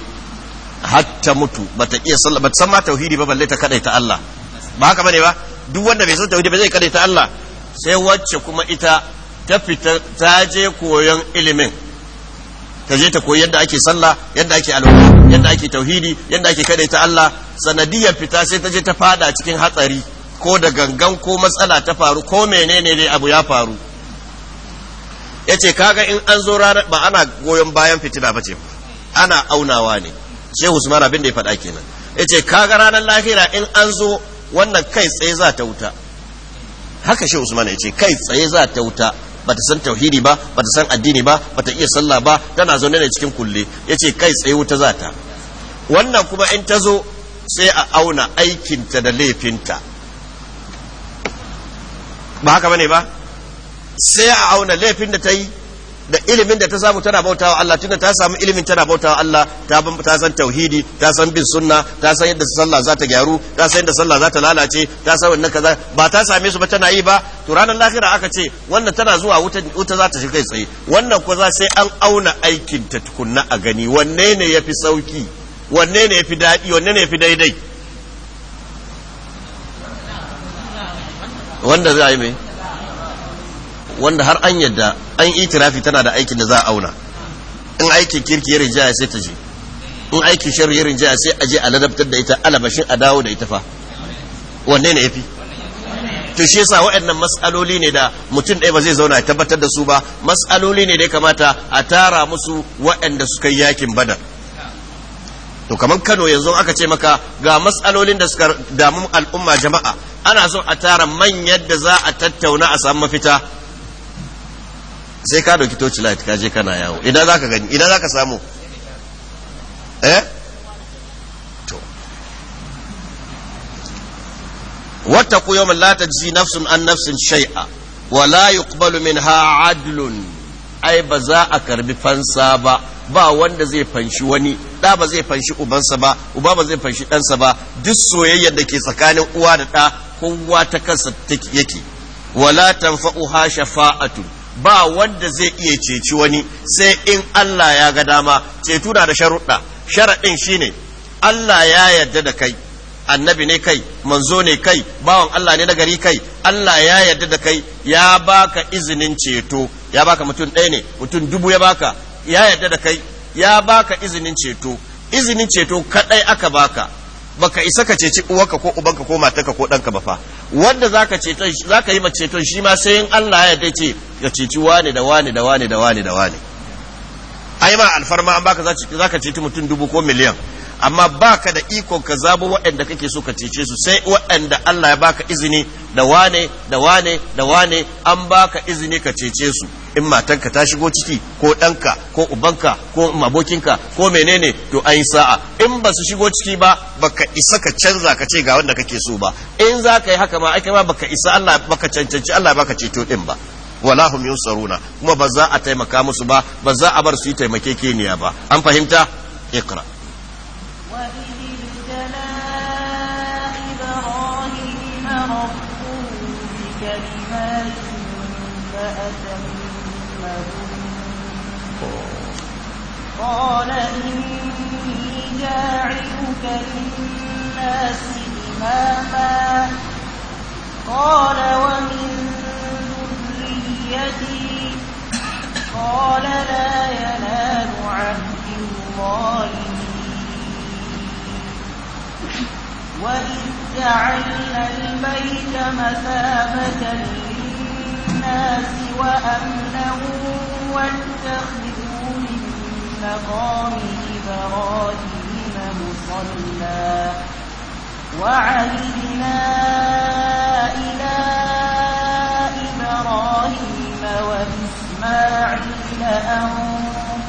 hatta mutu ba ta iya sallah ba ta san ma tauhidi ba balle ta kadaita Allah ba haka bane ba duk wanda bai san tauhidi ba zai kadaita Allah sai wacce kuma ita ta fita ta je koyon ilimin ta je ta koyi yadda ake sallah yadda ake alwala yadda ake tauhidi yadda ake ta Allah sanadiyar fita sai ta je ta fada cikin hatsari ko da gangan ko matsala ta faru ko menene dai abu ya faru yace kaga in an zo ranar ba ana goyon bayan fitina ba ce ana aunawa ne sai usman abin da ya faɗa kenan yace kaga ranar lahira in an zo wannan kai tsaye za ta wuta haka shi usman yace kai tsaye za ta wuta bata san tauhidi ba bata san addini ba bata iya sallah ba tana zaune ne cikin kulle yace kai tsaye wuta zata. wannan kuma in ta zo sai a auna aikinta da laifinta ba haka bane ba sai a auna laifin da ta yi da ilimin da ta samu tana bautawa Allah tunda ta samu ilimin tana bautawa Allah ta ta san tauhidi ta san bin sunna ta san yadda sallah za ta gyaru ta san yadda sallah za ta lalace ta san wannan kaza ba ta same su ba tana yi ba to ranar lahira aka ce wannan tana zuwa wuta wuta za ta shiga tsaye wannan ko za sai an auna aikin ta tukunna a gani wanne ne yafi sauki wanne ne yafi daɗi wanne ne yafi daidai wanda za a yi mai wanda har an yadda an tirafi tana da aikin da za a auna in aikin kirki ya rinjaya sai ta je in aikin sharri ya rinjaya sai a je a ladabtar da ita alabashin a dawo da ita fa wanne ne yafi to shi yasa waɗannan mas'aloli ne da mutum ɗaya ba zai zauna ya tabbatar da su ba mas'aloli ne da ya kamata a tara musu waɗanda suka yi yakin badar to kamar Kano yanzu aka ce maka ga matsalolin da suka damu al'umma jama'a ana so a tara manyan da za a tattauna a samu mafita sai ka dauki torch light ka je kana yawo idan za ka gani idan za ka samu eh to ku yawman la tajzi nafsun an nafsin shay'a wa la yuqbalu minha adlun ai ba za a karbi fansa ba ba wanda zai fanshi wani ɗa ba zai fanshi ubansa ba uba ba zai fanshi ɗansa ba duk soyayyar da ke tsakanin uwa da ɗa kowa ta kansa yake wala tanfa'uha shafa'atu ba wanda zai iya ceci wani sai in Allah ya ga dama ceto na da sharuɗa sharaɗin shine Allah ya yarda da kai annabi ne kai manzo ne kai bawan Allah ne na gari kai Allah ya yarda da kai ya baka izinin ceto ya baka mutum ɗaya ne mutum dubu ya baka ya yarda da kai ya baka izinin ceto izinin ceto kaɗai aka baka baka isa ka ceci uwarka ko ubanka ko matarka ko danka ba fa wanda zaka ceton zaka yi maceton shi ma sai in Allah ya dace ya ceci wane da wane da wane da wane da wani ai ma alfarma an baka zaka ceci mutum dubu ko miliyan amma baka da ikon ka zabo waɗanda kake so ka cece su sai waɗanda Allah ya baka izini da wane da wane da wane an baka izini ka cece su in matanka ta shigo ciki ko ɗanka ko ubanka ko mabokinka ko menene to an sa'a in ba su shigo ciki ba baka isa ka canza ka ce ga wanda kake so ba in za ka yi haka ma aika ma baka isa Allah baka cancanci Allah baka ceto din ba wala hum na kuma ba za a taimaka musu ba ba za a bar su yi taimakekeniya ba an fahimta iqra قال إني جاعلك للناس إماما قال ومن ذريتي قال لا ينال عهد الظالمين وإذ جعلنا البيت مثابة للناس وأمنا واتخذوا مقام إبراهيم مصلى وعهدنا إلى إبراهيم وإسماعيل أن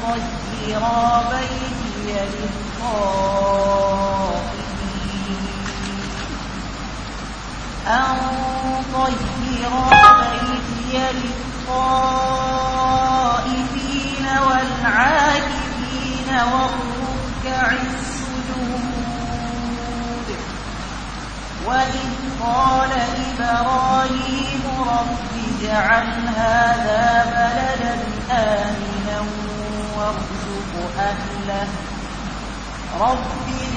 طهرا بيتي للطائفين أن طهرا بيتي للطائفين والعالمين والركع السجود وإذ قال إبراهيم رب اجعل هذا بلدا آمنا وارزق أهله رب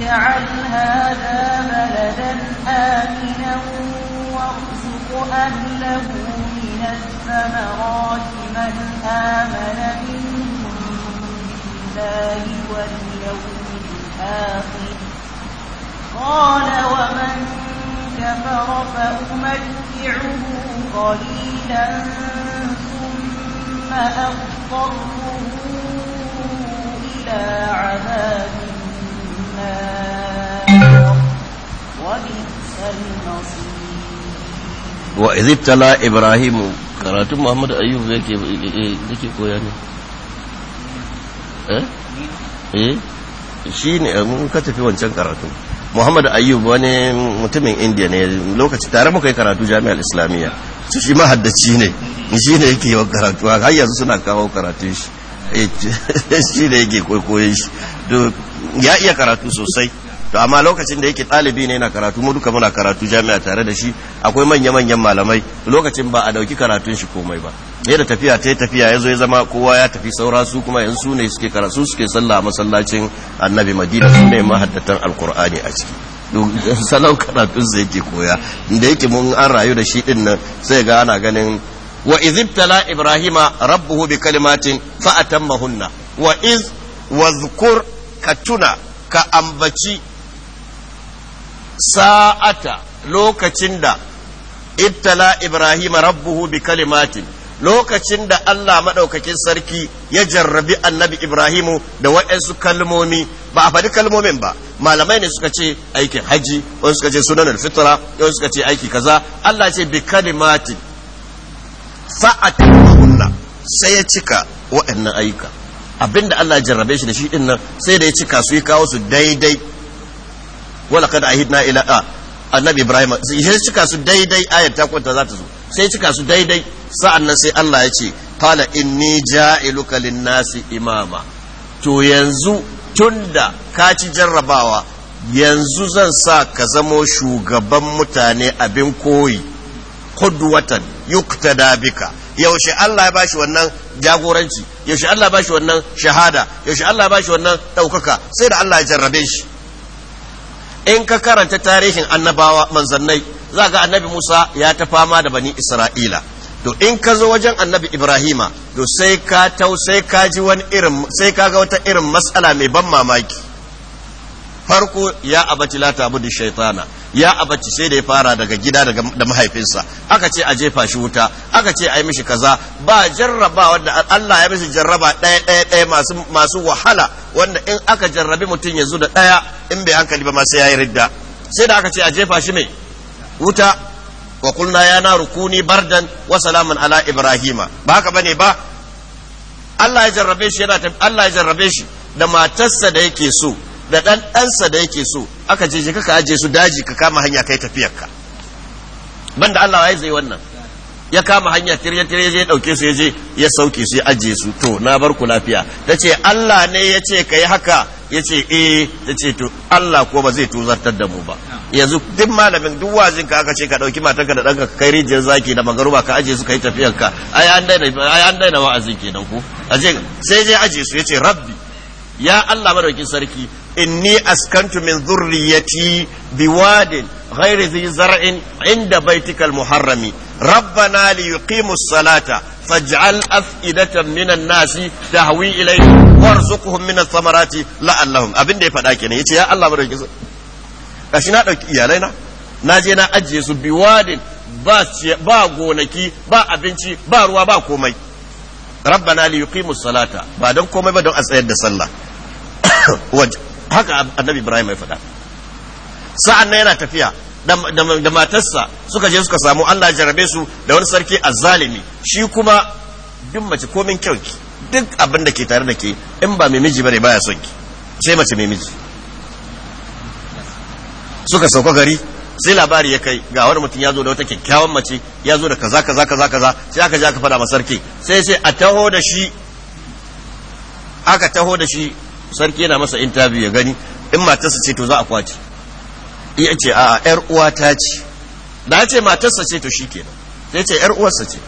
اجعل هذا بلدا آمنا وارزق أهله من الثمرات من آمن منه بالله واليوم الآخر قال ومن كفر فأمتعه قليلا ثم أضطره إلى عذاب النار وبئس المصير وإذ ابتلى إبراهيم قرأت محمد أيوب ذكي ذكي كويانه Eh? eh shi ne eh, ka tafi wancan karatu muhammad ayyub wani mutumin indiya ne lokaci tare muka yi karatu jami'ar islamiyya su shi mahaddaci ne shi ne yake yawan karatu har yanzu suna kawo karatun shi eh, shi ne yake kwaikwayon shi ya iya karatu sosai to amma lokacin da yake ɗalibi ne na karatu mu duka muna karatu jami'a tare da shi akwai manya-manyan malamai lokacin ba a ɗauki karatun shi komai ba ne da tafiya ta tafiya ya zo ya zama kowa ya tafi saura su kuma yanzu su ne suke karatu suke sallah masallacin annabi madina su ne mahaddatan alkur'ani a ciki salon karatun sai yake koya da yake mun an rayu da shi din nan sai ga ana ganin wa izibtala ibrahima rabbuhu bi kalimatin fa atammahunna wa iz wa ka tuna ka ambaci sa'ata lokacin da ibtala ibrahim rabbuhu bi kalimatin lokacin da Allah maɗaukakin sarki ya jarrabi annabi Ibrahim da waɗansu kalmomi ba a faɗi kalmomin ba malamai ne suka ce aikin haji wani suka ce sunan alfitra wani suka ce aiki kaza Allah ce bi kalimati fa'atahunna sai ya cika waɗannan ayyuka abinda Allah jarrabe shi da shi ɗin nan sai da ya cika su ya kawo su daidai wala kada a hidna ila a ah, annabi ibrahim sai cika su daidai ayat ta kwanta za ta zo sai cika su daidai sa'an nan sai Allah ya ce qala inni ja'iluka lin-nasi imama to yanzu tunda ka ci jarrabawa yanzu zan sa ka zamo shugaban mutane abin koyi qudwatan yuktada bika yaushe Allah ya bashi wannan jagoranci yaushe Allah ya bashi wannan shahada yaushe Allah ya bashi wannan daukaka sai da Allah ya jarrabe shi in ka karanta tarihin annabawa manzannai za ga annabi Musa ya ta fama da bani Isra'ila to in ka zo wajen annabi Ibrahima to sai ka tau sai ka ji wani irin sai ka ga wata irin matsala mai ban mamaki farko ya abaci la da shaitana ya abaci sai da ya fara daga gida da mahaifinsa aka ce a jefa shi wuta aka ce a yi mishi kaza ba jarraba wanda Allah ya mishi jarraba ɗaya ɗaya ɗaya masu masu wahala wanda in aka jarrabi mutum ya zo da ɗaya in bai hankali ba ma sai ya yi ridda sai da aka ce a jefa shi mai wuta wa kulna ya na rukuni bardan wa salaman ala ibrahima ba haka bane ba Allah ya jarrabe shi yana Allah ya jarrabe shi da matarsa da yake so da dan ɗansa da yake so aka ce ka aje su daji ka kama hanya kai tafiyarka banda Allah ya zai wannan ya kama hanya tirye tirye zai dauke su je ya sauke su ya aje su to na bar ku lafiya tace Allah ne ya ka kai haka ya ce eh tace to Allah ko ba zai tozartar da mu ba yanzu duk malamin duk wazin ka aka ce ka dauki ka da danka kai rijiyar zaki da magaruba ka aje su kai tafiyar ka ai an daina ai an daina wa'azin kenan ko aje sai je aje su ce rabbi ya Allah madaukin sarki inni askantu min zurriyati biwadin ghairi zi zar'in inda baitikal muharrami rabbana li yuqimu salata faj'al af'idatan minan nasi tahwi ilayhi warzuqhum min ath-thamarati la'allahum abinda ya faɗa kenan yace ya Allah barke su kashi na dauki iyalai na na je na ajiye su biwadin ba ba gonaki ba abinci ba ruwa ba komai rabbana li salata ba don komai ba don a tsayar da sallah haka annabi ibrahim ya faɗa sa'an nan yana tafiya da matarsa suka je suka samu Allah jarabe su da wani sarki a zalimi shi kuma duk mace komin kyauki duk abin da ke tare da ke in ba mai miji ne baya son ki sai mace mai miji suka sauka gari sai labari ya kai ga wani mutum ya zo da wata kyakkyawan mace ya zo da kaza kaza kaza kaza sai aka je aka faɗa masarki sai sai a taho da shi aka taho da shi sarki yana masa interview ya gani in matarsa ce to za a kwace iya ce a yar uwa ta ce da ce matarsa ce to shi ke nan sai ce yar uwarsa ce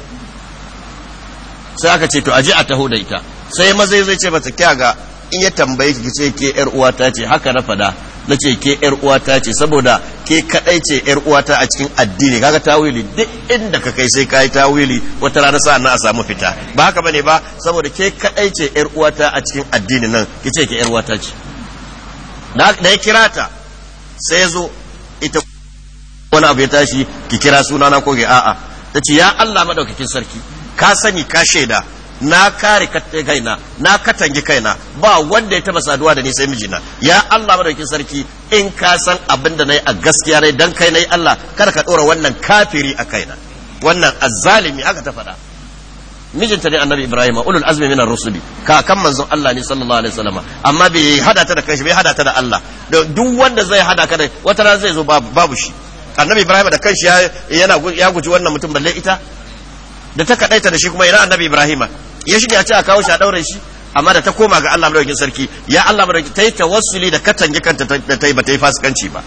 sai aka ce to aji a taho da ita sai mazai zai ce bata kya ga in ya tambaye ki ce ke yar uwata ce haka na fada na ce ke yar uwata ce saboda ke kadai ce yar uwata a cikin addini kaga tawili duk inda ka kai sai kai tawili wata rana sa na a samu fita ba haka bane ba saboda ke kadai ce yar uwata a cikin addini nan ki ce ke yar uwata ce da ya kira ta sai ya zo ita wani abu ya tashi ki kira sunana ko ke a'a ta ce ya Allah madaukakin sarki ka sani ka shaida na kare eh, kaina na katangi kaina ba wanda ya taba saduwa da ni sai mijina ya Allah madaukin sarki in ka san abin da nayi a gaskiya ne dan kai nayi Allah kada ka dora wannan kafiri a kaina wannan azzalimi haka ta faɗa mijinta ne annabi ibrahim ulul azmi minar rusuli kakan manzon Allah ne sallallahu alaihi wasallam amma bai hada ta da kanshi bai hada ta da Allah duk wanda zai hada ka da wata zai zo babu shi annabi ibrahim da kanshi yana ya guji wannan mutum balle ita da ta kadaita da shi kuma ina annabi ibrahima ya a ce a kawo shi a daure shi amma da ta koma ga Allah madaukakin sarki ya Allah madaukakin ta yi tawassuli da katange kanta da ta yi ba ta yi fasikanci ba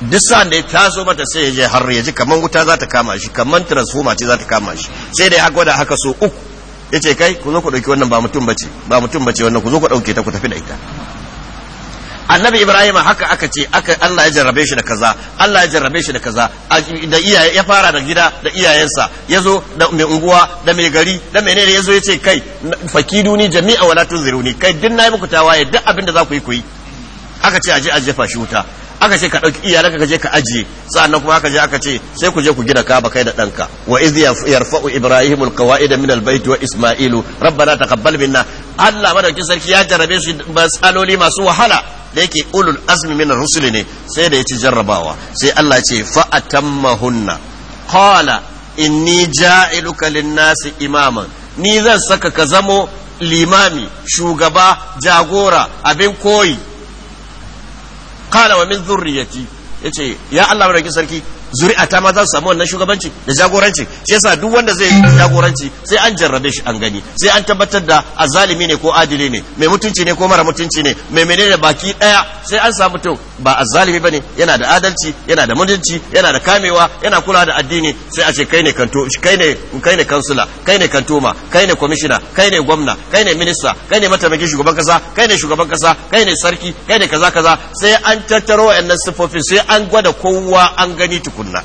duk sa'an da ya taso mata sai ya je har ya ji kaman wuta za ta kama shi kaman transformer ce za ta kama shi sai dai ya haka so uku ya kai ku zo ku ɗauki wannan ba mutum bace ba mutum bace wannan ku zo ku dauke ta ku tafi da ita annabi ibrahim haka aka ce aka Allah ya jarrabe shi da kaza Allah ya jarrabe shi da kaza da iyaye ya fara da gida da iyayensa yazo da mai unguwa da mai gari da menene yazo ce kai fakiduni jami'a wala tunziruni kai duk nayi muku tawaye duk abin da za ku yi ku yi aka ce aje aje jefa shi wuta aka ce ka ɗauki iyalanka ka je ka ajiye sa'annan kuma aka je aka ce sai ku je ku gina kaba kai da ɗanka wa iz yarfa'u ibrahim alqawaid min albayt wa isma'ilu rabbana taqabbal minna Allah madaukin sarki ya jarrabe su matsaloli masu wahala da yake ulul azmi min rusuli ne sai da ya ci jarrabawa sai Allah ce fa atammahunna qala inni ja'iluka lin-nasi imaman ni zan saka ka zamo limami shugaba jagora abin koyi qala wa min yace ya Allah barki sarki ta ma za su samu wannan shugabanci da jagoranci shi yasa duk wanda zai jagoranci sai an jarrabe shi an gani sai an tabbatar da azalimi ne ko adili ne mai mutunci ne ko mara mutunci ne mai menene baki daya sai an samu to ba ba ne yana da adalci yana da mutunci yana da kamewa yana kula da addini sai a ce kai ne kanto kai ne kai ne kansula kai ne kantoma kai ne commissioner kai ne gwamna kai ne minista kai ne mataimakin shugaban kasa kai ne shugaban kasa kai ne sarki kai ne kaza kaza sai an tattaro wayannan siffofin sai an gwada kowa an gani tukunna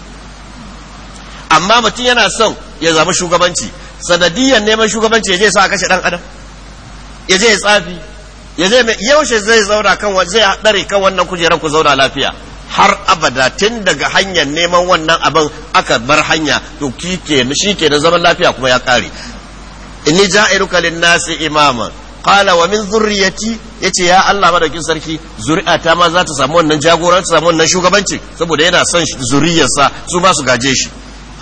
amma mutum yana son ya zama shugabanci sanadiyan neman shugabanci ya je sa kashe dan adam ya je ya tsafi ya zai mai yaushe zai zauna kan zai dare kan wannan kujerar ku zauna lafiya har abada tun daga hanyar neman wannan abin aka bar hanya to kike shi ke da zaman lafiya kuma ya kare inni ja'iruka lin-nasi imaman qala wa min zurriyati yace ya Allah madaukin sarki zuri'ata ma za ta samu wannan jagoranci samu wannan shugabanci saboda yana son zuriyarsa su ba su gaje shi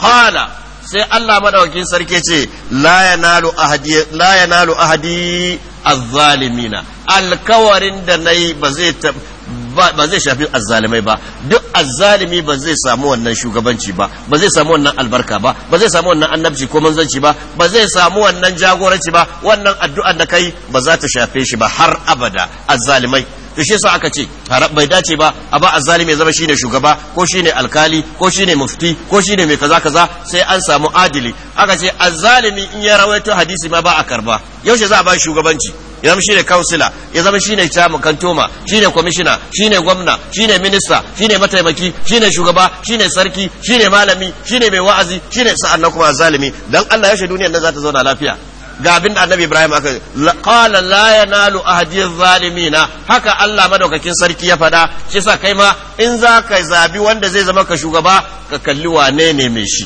qala sai Allah madaukin sarki ce la yanalu ahadi la yanalu ahadi azzalimina alkawarin da na yi ba zai shafi azzalimai ba duk azzalimi ba zai samu wannan shugabanci ba ba zai samu wannan albarka ba ba zai samu wannan annabci ko manzanci ba ba zai samu wannan jagoranci ba wannan addu'ar da kai ba za ta shafe shi ba har abada azzalimai to shi yasa aka ce bai dace ba a ba azzalimi ya zama shine shugaba ko shine alkali ko shine mufti ko shine mai kaza kaza sai an samu adili aka ce azzalimi in ya rawaito hadisi ma ba a karba yaushe za a ba shugabanci ya zama shine kansila ya zama shine chairman kantoma shine kwamishina shine gwamna shine minista shine mataimaki shine shugaba shine sarki shine malami shine mai wa'azi shine sa'annan kuma zalimi dan Allah ya shi duniyar nan za ta zauna lafiya ga abin da annabi ibrahim aka qala la yanalu ahdi zalimina haka Allah madaukakin sarki ya faɗa shi sa kai ma in za ka zabi wanda zai zama ka shugaba ka kalli wane ne mai shi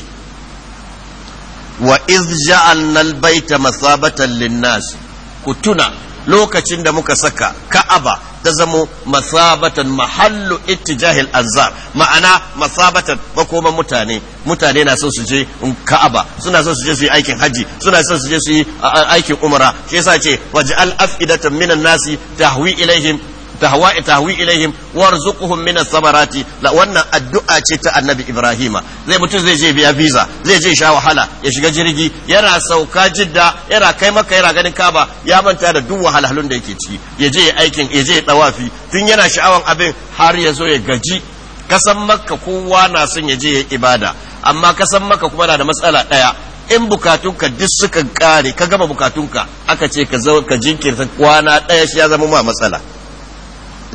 wa iz ja'alna al-baita masabatan lin-nas ku tuna lokacin da muka saka ka'aba ta zamo masabatan mahallu ittijahil anzar ma'ana masabatan makoman mutane mutane na son su je ka'aba suna son su je su yi aikin haji suna son su je su yi aikin umara shi yasa ce waj'al afidatan minan nasi tahwi ilaihim tahwa tahwi ilaihim warzuquhum min as-sabarati wannan addu'a ce ta annabi ibrahima zai mutum zai je biya visa zai je sha wahala ya shiga jirgi yana sauka jidda yana kai maka yana ganin kaba ya manta da duk wahalhalun da yake ciki ya je aikin ya je dawafi tun yana sha'awan abin har ya zo ya gaji kasan makka kowa na son ya je ya ibada amma kasan makka kuma na da matsala daya in bukatunka duk suka kare ka gama bukatunka aka ce ka zo ka jinkirta kwana daya shi ya zama ma matsala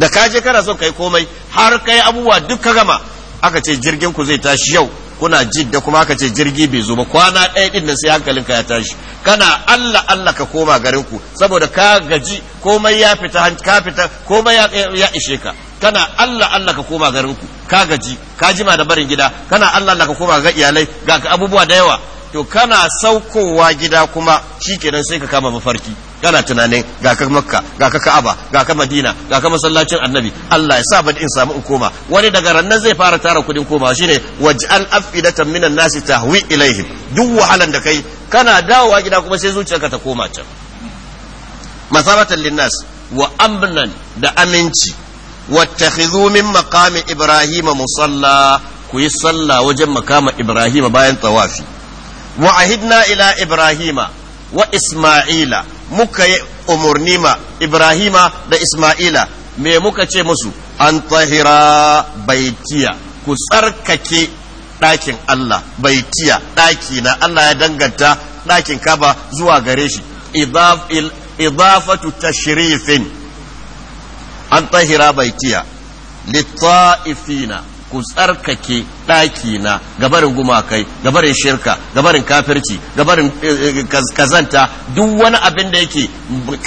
da ka je kana so kai komai har kai abubuwa duk ka gama aka ce jirgin ku zai tashi yau kuna jidda kuma aka ce jirgi bai zo ba kwana ɗaya din nan sai hankalinka ya tashi kana Allah Allah ka koma garin ku saboda ka gaji komai ya fita ka fita komai ya ishe ka kana Allah Allah ka koma garin ku ka gaji ka jima da barin gida kana Allah Allah ka koma ga iyalai ga abubuwa da yawa to kana saukowa gida kuma shikenan sai ka kama mafarki kana tunanin ga ka makka ga ka ka'aba ga ka madina ga ka masallacin annabi Allah ya sa ba in samu in koma wani daga rannan zai fara tara kudin koma shine waj'al afidatan minan nasi tahwi ilaihim duk wahalan da kai kana dawowa gida kuma sai zuciyarka ta koma can masabatan linnas wa amnan da aminci wattakhidhu min maqami ibrahima musalla ku yi sallah wajen makama ibrahima bayan tawafi wa ahidna ila ibrahima wa Isma'ila muka yi umarni ma Ibrahima da Isma'ila me muka ce musu an tahira baitiya ku tsarkake ɗakin Allah baitiya ɗaki na Allah ya danganta ɗakin kaba zuwa gare shi idafatu tashrifin an tahira baitiya litta'ifina ku tsarkake ɗakina gabarin gumakai gabarin shirka gabarin kafirci gabarin eh, eh, kazanta duk wani abin da yake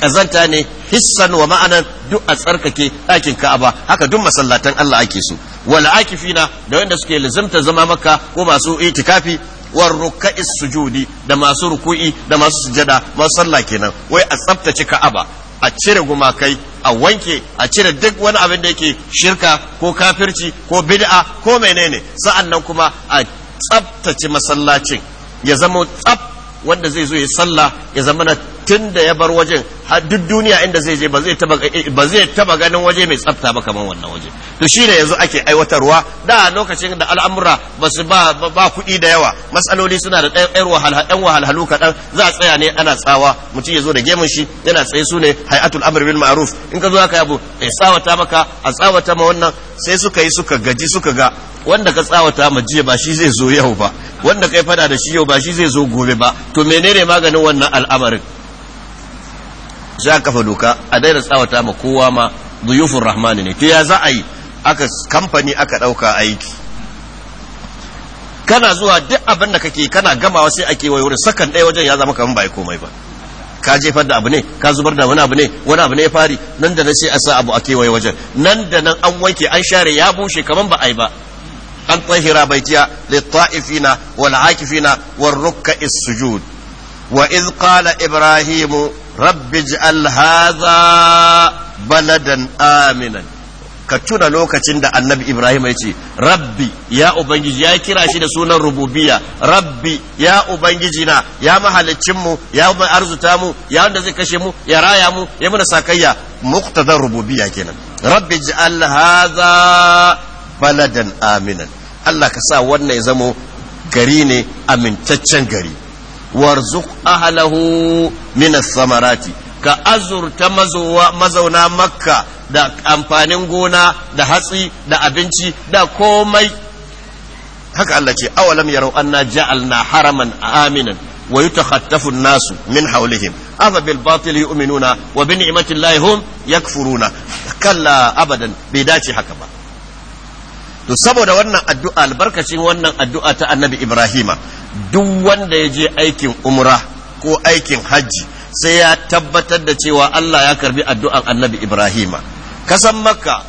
kazanta ne hissan wa ma'anar duk a tsarkake ɗakin ka'aba haka duk masallatan Allah ake so wal akifina da wanda suke lizimta zama maka ko masu itikafi war ruka sujudi da masu ruku'i da masu sujada masu sallah kenan wai a tsaftace ka'aba a cire gumakai a wanke a cire duk wani abin da yake shirka ko kafirci ko bid'a ko menene sa'annan kuma a tsabtace masallacin ya zama tsab wanda zai zo ya sallah ya zama na tun da ya bar wajen duk duniya inda zai je ba zai taba ganin waje mai tsafta ba kamar wannan waje to shi ne yanzu ake aiwatarwa da lokacin da al'amura ba su ba kuɗi da yawa matsaloli suna da ɗan wahalhalu wahal kaɗan za a tsaya ne ana tsawa mutum ya zo da gemun shi yana tsaye su ne hayatul amr bil ma'ruf in ka zo aka yabo ya tsawata maka a tsawata ma wannan sai suka yi suka gaji suka ga wanda ka tsawata ma jiya ba shi zai zo yau ba wanda kai fada da shi yau ba shi zai zo gobe ba to menene maganin wannan al'amarin za kafa doka a daina tsawata ma kowa ma duyufin rahmani ne to ya za a yi aka kamfani aka ɗauka aiki kana zuwa duk abin da kake kana gamawa sai ake wai wurin sakan ɗaya wajen ya zama kamar ba komai ba ka jefar da abu ne ka zubar da wani abu ne wani abu ne ya fari nan da nan sai a sa abu a kewaye wajen nan da nan an wanke an share ya bushe kamar ba a yi ba an tsahira baitiya litta'ifina wal akifina war rukka sujud wa iz qala ibrahimu rabbi ij'al hadha baladan aminan ka tuna lokacin da annabi ibrahim ya ce rabbi ya ubangiji ya kira shi da sunan rububiya rabbi ya ubangiji na ya mahalicin mu ya mai arzuta mu ya wanda zai kashe mu ya raya mu ya muna sakayya muqtadar rububiya kenan rabbi ij'al hadha baladan aminan Allah ka sa wannan ya zamo gari ne amintaccen gari warzuq ahlahu min samarati ka azurta mazauna makka da amfanin gona da hatsi da abinci da komai haka Allah ce awalam yarau anna ja'alna haraman aminan wa yutakhaffafu nasu min hawlihim afa bil batil yu'minuna wa bi ni'mati hum yakfuruna kalla abadan bai dace haka ba to saboda wannan addu'a albarkacin wannan addu'a ta annabi ibrahima duk wanda ya je aikin umra ko aikin hajji sai ya tabbatar da cewa allah ya karbi addu'an annabi ibrahima kasan makka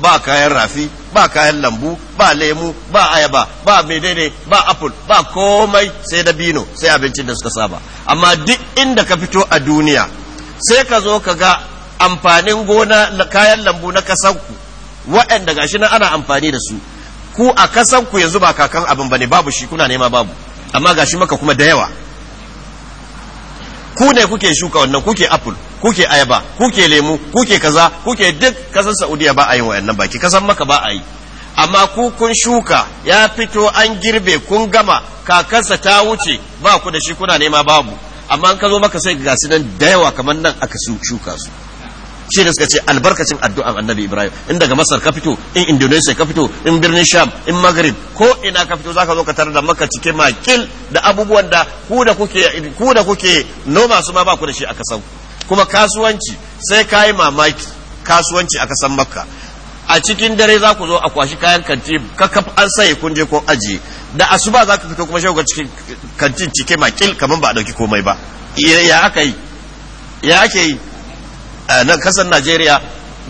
ba kayan rafi ba kayan lambu ba lemu ba ayaba ba medene ba apple ba komai sai da bino sai abincin da suka saba amma duk inda ka fito a duniya sai ka zo ka ga amfanin gona kayan lambu na kasanku waɗanda gashi nan ana amfani da su ku a kasan ku yanzu ba kakan abin bane babu shi kuna nema babu amma gashi maka kuma da yawa ku ne kuke shuka wannan kuke apple kuke ayaba kuke lemu kuke kaza kuke duk kasan saudiya ba a yi wayannan baki kasan maka ba a yi amma ku kun shuka ya fito an girbe kun gama kakansa ta wuce ba ku da shi kuna nema babu amma an ka zo maka sai gasinan nan da yawa kamar nan aka shuka su shi da suka ce albarkacin addu'an annabi ibrahim in daga masar ka fito in indonesia ka fito in birnin sham in maghrib ko ina ka fito zaka zo ka tarar da maka cike makil da abubuwan da ku da kuke ku da kuke noma su ma ba ku da shi a kasan kuma kasuwanci sai ka yi mamaki kasuwanci a kasan makka a cikin dare za ku zo a kwashi kayan kanti kaf an sai kun je ko ajiye da asuba za ka fito kuma shago cikin kantin cike makil kamar ba a dauki komai ba ya aka yi ya ake yi Eh, na kasar Najeriya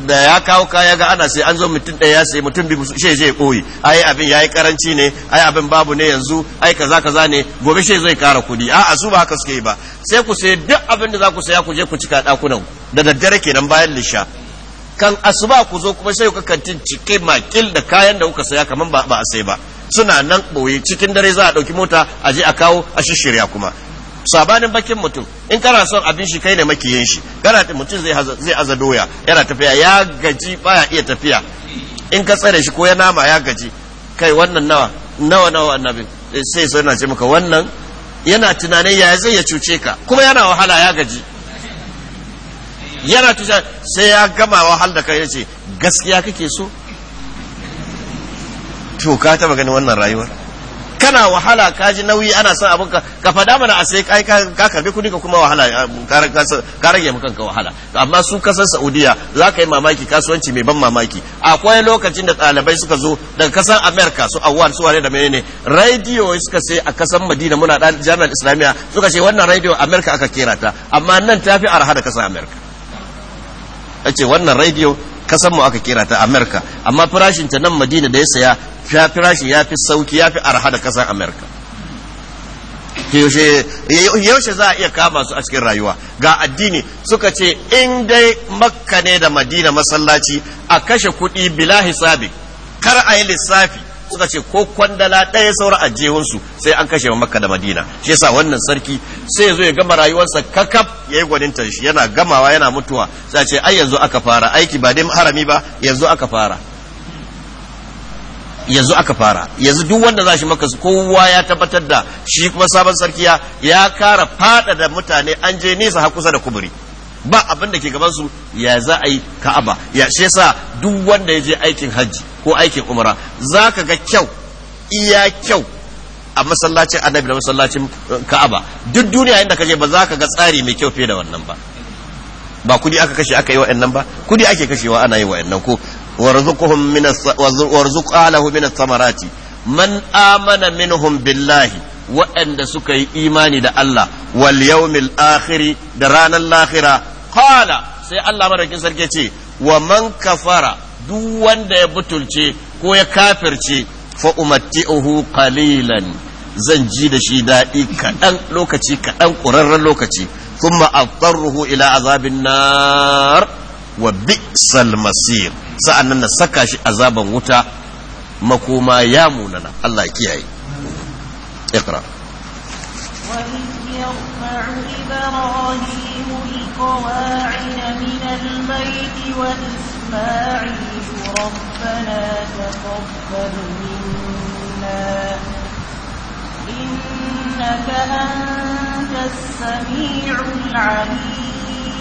da ya kawo kaya ga ana sai an zo mutum ɗaya ya sai mutum biyu shi zai koyi ai abin yayi karanci ne ai abin babu ne yanzu ai kaza kaza ne gobe shi zai kara kudi a a su ba haka suke yi ba sai ku sai duk abin da za ku saya ku je ku cika dakunan da daddare kenan bayan lisha kan asuba ku zo kuma sai ku kantin cike makil da kayan da kuka saya kaman ba a sai ba suna nan ɓoye cikin dare za a ɗauki mota a je a kawo a shishirya kuma sabanin bakin mutum in kana son abin shi kai ne makiyin shi kana mutum zai zai aza doya yana tafiya ya gaji baya iya tafiya in ka tsare shi ko ya nama ya gaji kai wannan nawa nawa nawa annabi eh, sai sai na ce maka wannan yana tunanin ya zai ya cuce ka kuma yana wahala ya gaji yana tusa sai ya gama wahal da kai yace gaskiya kake so to ka taba ganin wannan rayuwar kana wahala ka ji nauyi ana son abin ka ka fada mana a sai kai ka karbi kudi ka kuma wahala ka rage maka kanka wahala amma su kasar Saudiya za ka yi mamaki kasuwanci mai ban mamaki akwai lokacin da ɗalibai suka zo daga kasar America su awwan su ware da menene radio suka sai a kasar Madina muna dan jami'ar Islamiyya suka ce wannan radio America aka kera ta amma nan tafi arha da kasar America ce wannan radio kasan mu aka kira ta america amma farashin ta nan madina da ya saya ya farashi ya fi sauki ya fi arha da kasan america yaushe za a iya kama su a cikin rayuwa ga addini suka ce in dai makka ne da madina masallaci a kashe kuɗi bila hisabi kar a yi lissafi suka ce ko kwandala ɗaya saura a jehunsu sai an kashe makka da madina shi yasa wannan sarki sai ya zo ya gama rayuwarsa kakaf yayi yi gwaninta shi yana gamawa yana mutuwa sai ce ai yanzu aka fara aiki ba dai harami ba yanzu aka fara yanzu aka fara yanzu duk wanda za shi maka kowa ya tabbatar da shi kuma sabon sarki ya kara fada da mutane an je nesa har kusa da kuburi ba abinda da ke gabansu ya za a yi ka'aba ya shi yasa duk wanda ya je aikin hajji ko aikin umara za ka ga kyau iya kyau a masallacin annabi da masallacin eh, ka'aba duk duniya inda ka je ba za ka ga tsari mai kyau fiye da wannan ba ba kudi aka kashe aka yi wa'annan ba kudi ake kashewa ana yi wa'annan ko warzuqhum min warzuq alahu min samarati man amana minhum billahi waanda suka yi imani da Allah wal yawmil akhiri da ranar lahira qala sai Allah madaukin sarki ce wa man kafara duk wanda ya butulce ko ya kafirce fa umatti'uhu qalilan zan ji da shi daɗi kaɗan lokaci kaɗan ƙurarren lokaci thumma aftarruhu ila azabin nar wa bi'sal masir nan na saka shi azaban wuta makoma ya munana Allah ya kiyaye اقرأ وإذ إسماعيل ربنا تقبل منا إنك أنت السميع العليم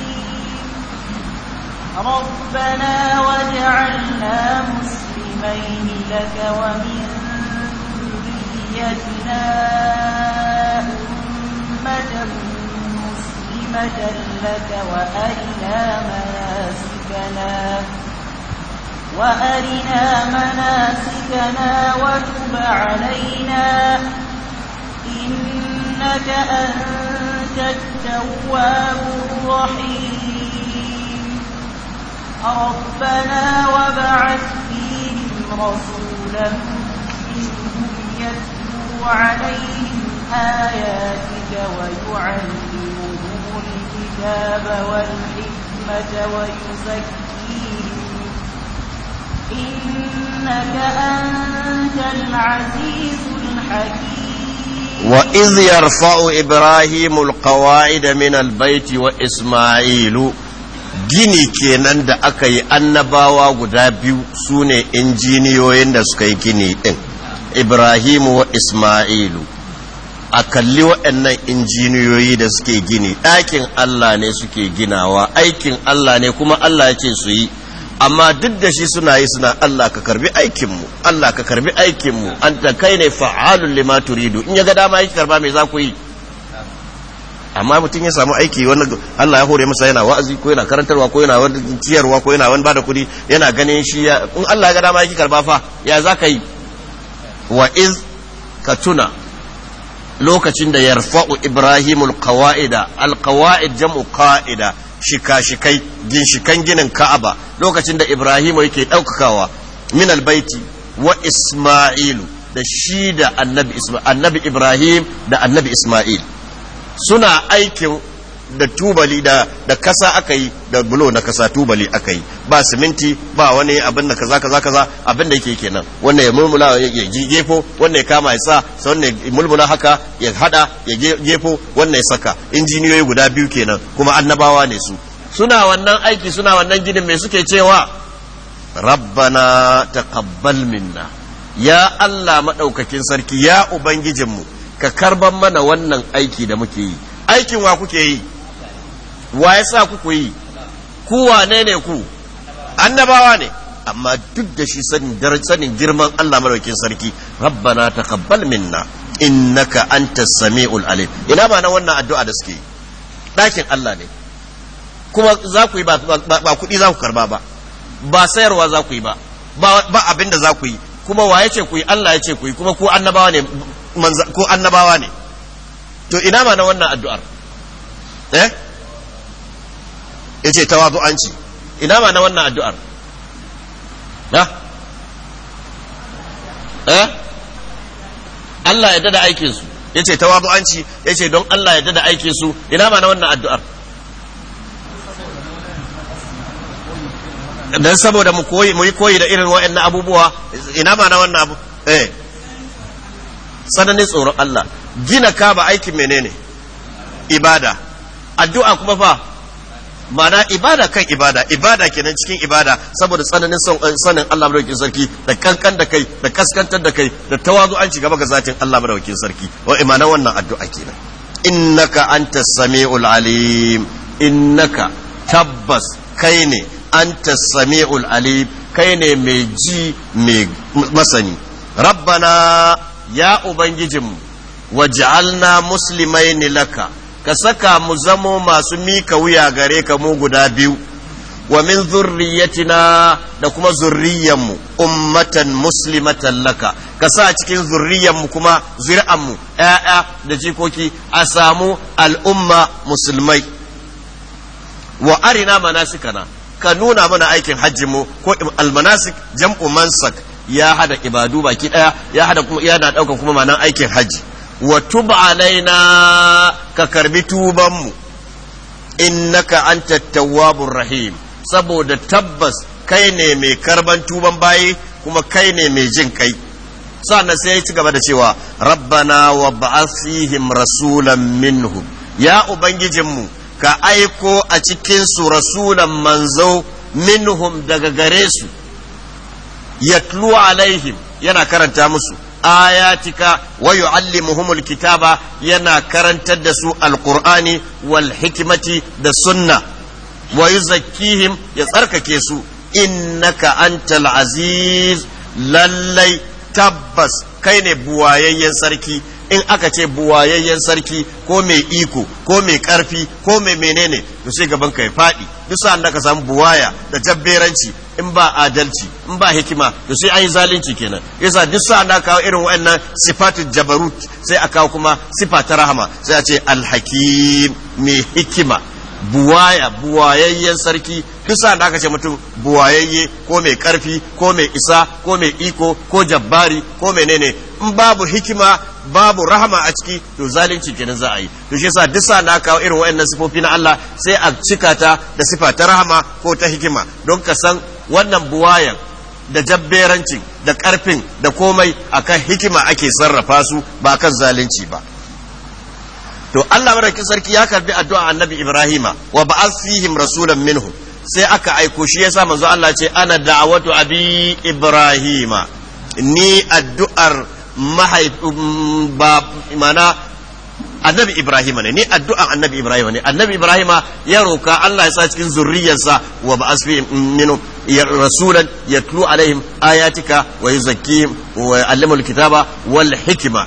ربنا واجعلنا مسلمين لك ومن ذريتنا أمة لك وأرنا مناسكنا وأرنا مناسكنا وتب علينا إنك أنت التواب الرحيم ربنا وابعث فيهم رسولا منهم يتلو عليهم آياتك ويعلمهم الكتاب والحكمة ويزكيهم إنك أنت العزيز الحكيم وإذ يرفع إبراهيم القواعد من البيت وإسماعيل gini kenan da aka yi annabawa guda biyu su ne injiniyoyin da suka yi gini ɗin ibrahimu wa ismailu a kalli waɗannan injiniyoyi da suke gini ɗakin Allah ne suke ginawa aikin Allah ne kuma Allah yake su yi amma duk da shi suna yi suna Allah ka karbi aikinmu Allah ka karbi aikinmu an ta kai ne fa'alun lima turidu in ya ga dama yake karba mai za ku yi amma mutum ya samu aiki wani Allah ya hore masa yana wa'azi ko yana karantarwa ko yana wani ciyarwa ko yana wani bada kuɗi yana ganin shi ya in Allah ya ga dama yake karba fa ya za ka yi wa iz ka tuna lokacin da yarfa'u ibrahimul qawaida alqawaid jam'u qa'ida shika-shikai ginshikan ginin ka'aba lokacin da ibrahimu yake ɗaukakawa min albaiti wa isma'ilu da shi da annabi ibrahim da annabi isma'il suna aikin da tubali da da kasa aka yi da bulo na kasa tubali aka yi ba siminti ba wani abin da kaza kaza kaza abin da yake kenan wannan ya mulmula ya gefo wannan ya kama ya sa wannan ya mulmula haka ya hada ya gefo wannan ya saka injiniyoyi guda biyu kenan kuma annabawa ne su suna wannan aiki suna wannan ginin me suke cewa rabbana taqabbal minna ya Allah madaukakin sarki ya ubangijinmu ka karban mana wannan aiki da muke yi aikin wa kuke yi wa ya sa kuku yi kuwa ne ne ku annabawa ne amma duk da shi sanin girman Allah madaukin sarki rabbana taqabbal minna innaka antas samiul alim ina ba na wannan addu'a da suke dakin Allah ne kuma za ku yi ba kuɗi za ku karba ba ba sayarwa za ku yi ba ba abin da za ku yi kuma wa ya ce ku yi Allah ya ce ku yi kuma ko annabawa ne ko annabawa ne to ina ma na wannan addu'ar eh ya ce tawazu'anci ina ma na wannan addu'ar na eh Allah ya dada aikinsu ya ce tawazu'anci ya ce don Allah ya dada aikinsu ina ma na wannan addu'ar dan saboda mu koyi mu yi koyi da irin wa'annan abubuwa ina ma na wannan abu eh sanani tsoron Allah gina kaba aikin menene ibada addu'a kuma fa ma'ana ibada kan ibada ibada kenan cikin ibada saboda tsananin eh, sanin Allah madaukakin sarki da kankan da kai da kaskantar da kai da tawazu an ci gaba ga zatin Allah madaukakin sarki wa imana wannan addu'a kenan innaka Anta, samiul alim innaka tabbas kai ne Anta, samiul alim kai ne mai ji mai masani rabbana ya ubangijinmu waj'alna muslimaini laka ka saka mu zamo masu mika wuya gare ka mu guda biyu wa min zurriyatina da kuma zurriyanmu ummatan muslimatan laka ka sa cikin zurriyanmu kuma zuri'anmu ‘ya'ya da jikoki a samu al'umma musulmai wa arina manasikana ka nuna mana aikin hajjinmu ko almanasik jam'u mansak ya hada ibadu baki ɗaya ya hada kuma yana ɗaukan kuma manan aikin hajji wa tuba alaina ka karbi tubanmu innaka anta tawwabur rahim saboda tabbas kai ne mai karban tuban bayi kuma kai ne mai jin kai sa'an sai ya ci gaba da cewa rabbana wa ba'asihim rasulan minhum ya ubangijinmu ka aiko a cikinsu rasulan manzo minhum daga gare su yatlu alaihim yana karanta musu ayatika wa yu'allimuhum kitaba yana karantar da su alqur'ani wal hikmati da sunna wa yuzakkihim ya tsarkake su innaka antal aziz lallai tabbas kai ne buwayayyen sarki in aka ce buwayayyen sarki ko mai iko ko mai karfi ko mai menene to sai gaban ka ya faɗi duk sa ka samu buwaya da jabberanci in ba adalci in ba hikima to sai an yi zalunci kenan yasa duk sa da kawo irin wa'annan sifatu jabarut sai a kawo kuma sifa ta rahama sai a ce alhakim mai hikima buwaya buwayayyen sarki duk sa da aka ce mutum buwayayye ko mai karfi ko mai isa ko mai iko ko jabbari ko menene in babu hikima babu rahama a ciki to zalunci kenan za a yi to shi yasa duk sa na kawo irin wa'annan sifofi na Allah sai a cika ta da sifa ta rahama ko ta hikima don ka san wannan buwayan da jabberanci da ƙarfin da komai a kan hikima ake sarrafa su ba kan zalunci ba to Allah madaukakin sarki ya karbi addu'a annabi Ibrahima wa ba'ath fihim rasulan minhum sai aka aiko shi yasa manzo Allah ce ana da'awatu abi Ibrahima ni addu'ar mahaif um, mana annabi Ibrahima ne ni addu'a annabi Ibrahima ne annabi Ibrahima ya roka Allah ya sa cikin zurriyarsa wa ba fi minhum ya rasulan yatlu alaihim ayatika wa yuzakkihim wa yu'allimul kitaba wal hikma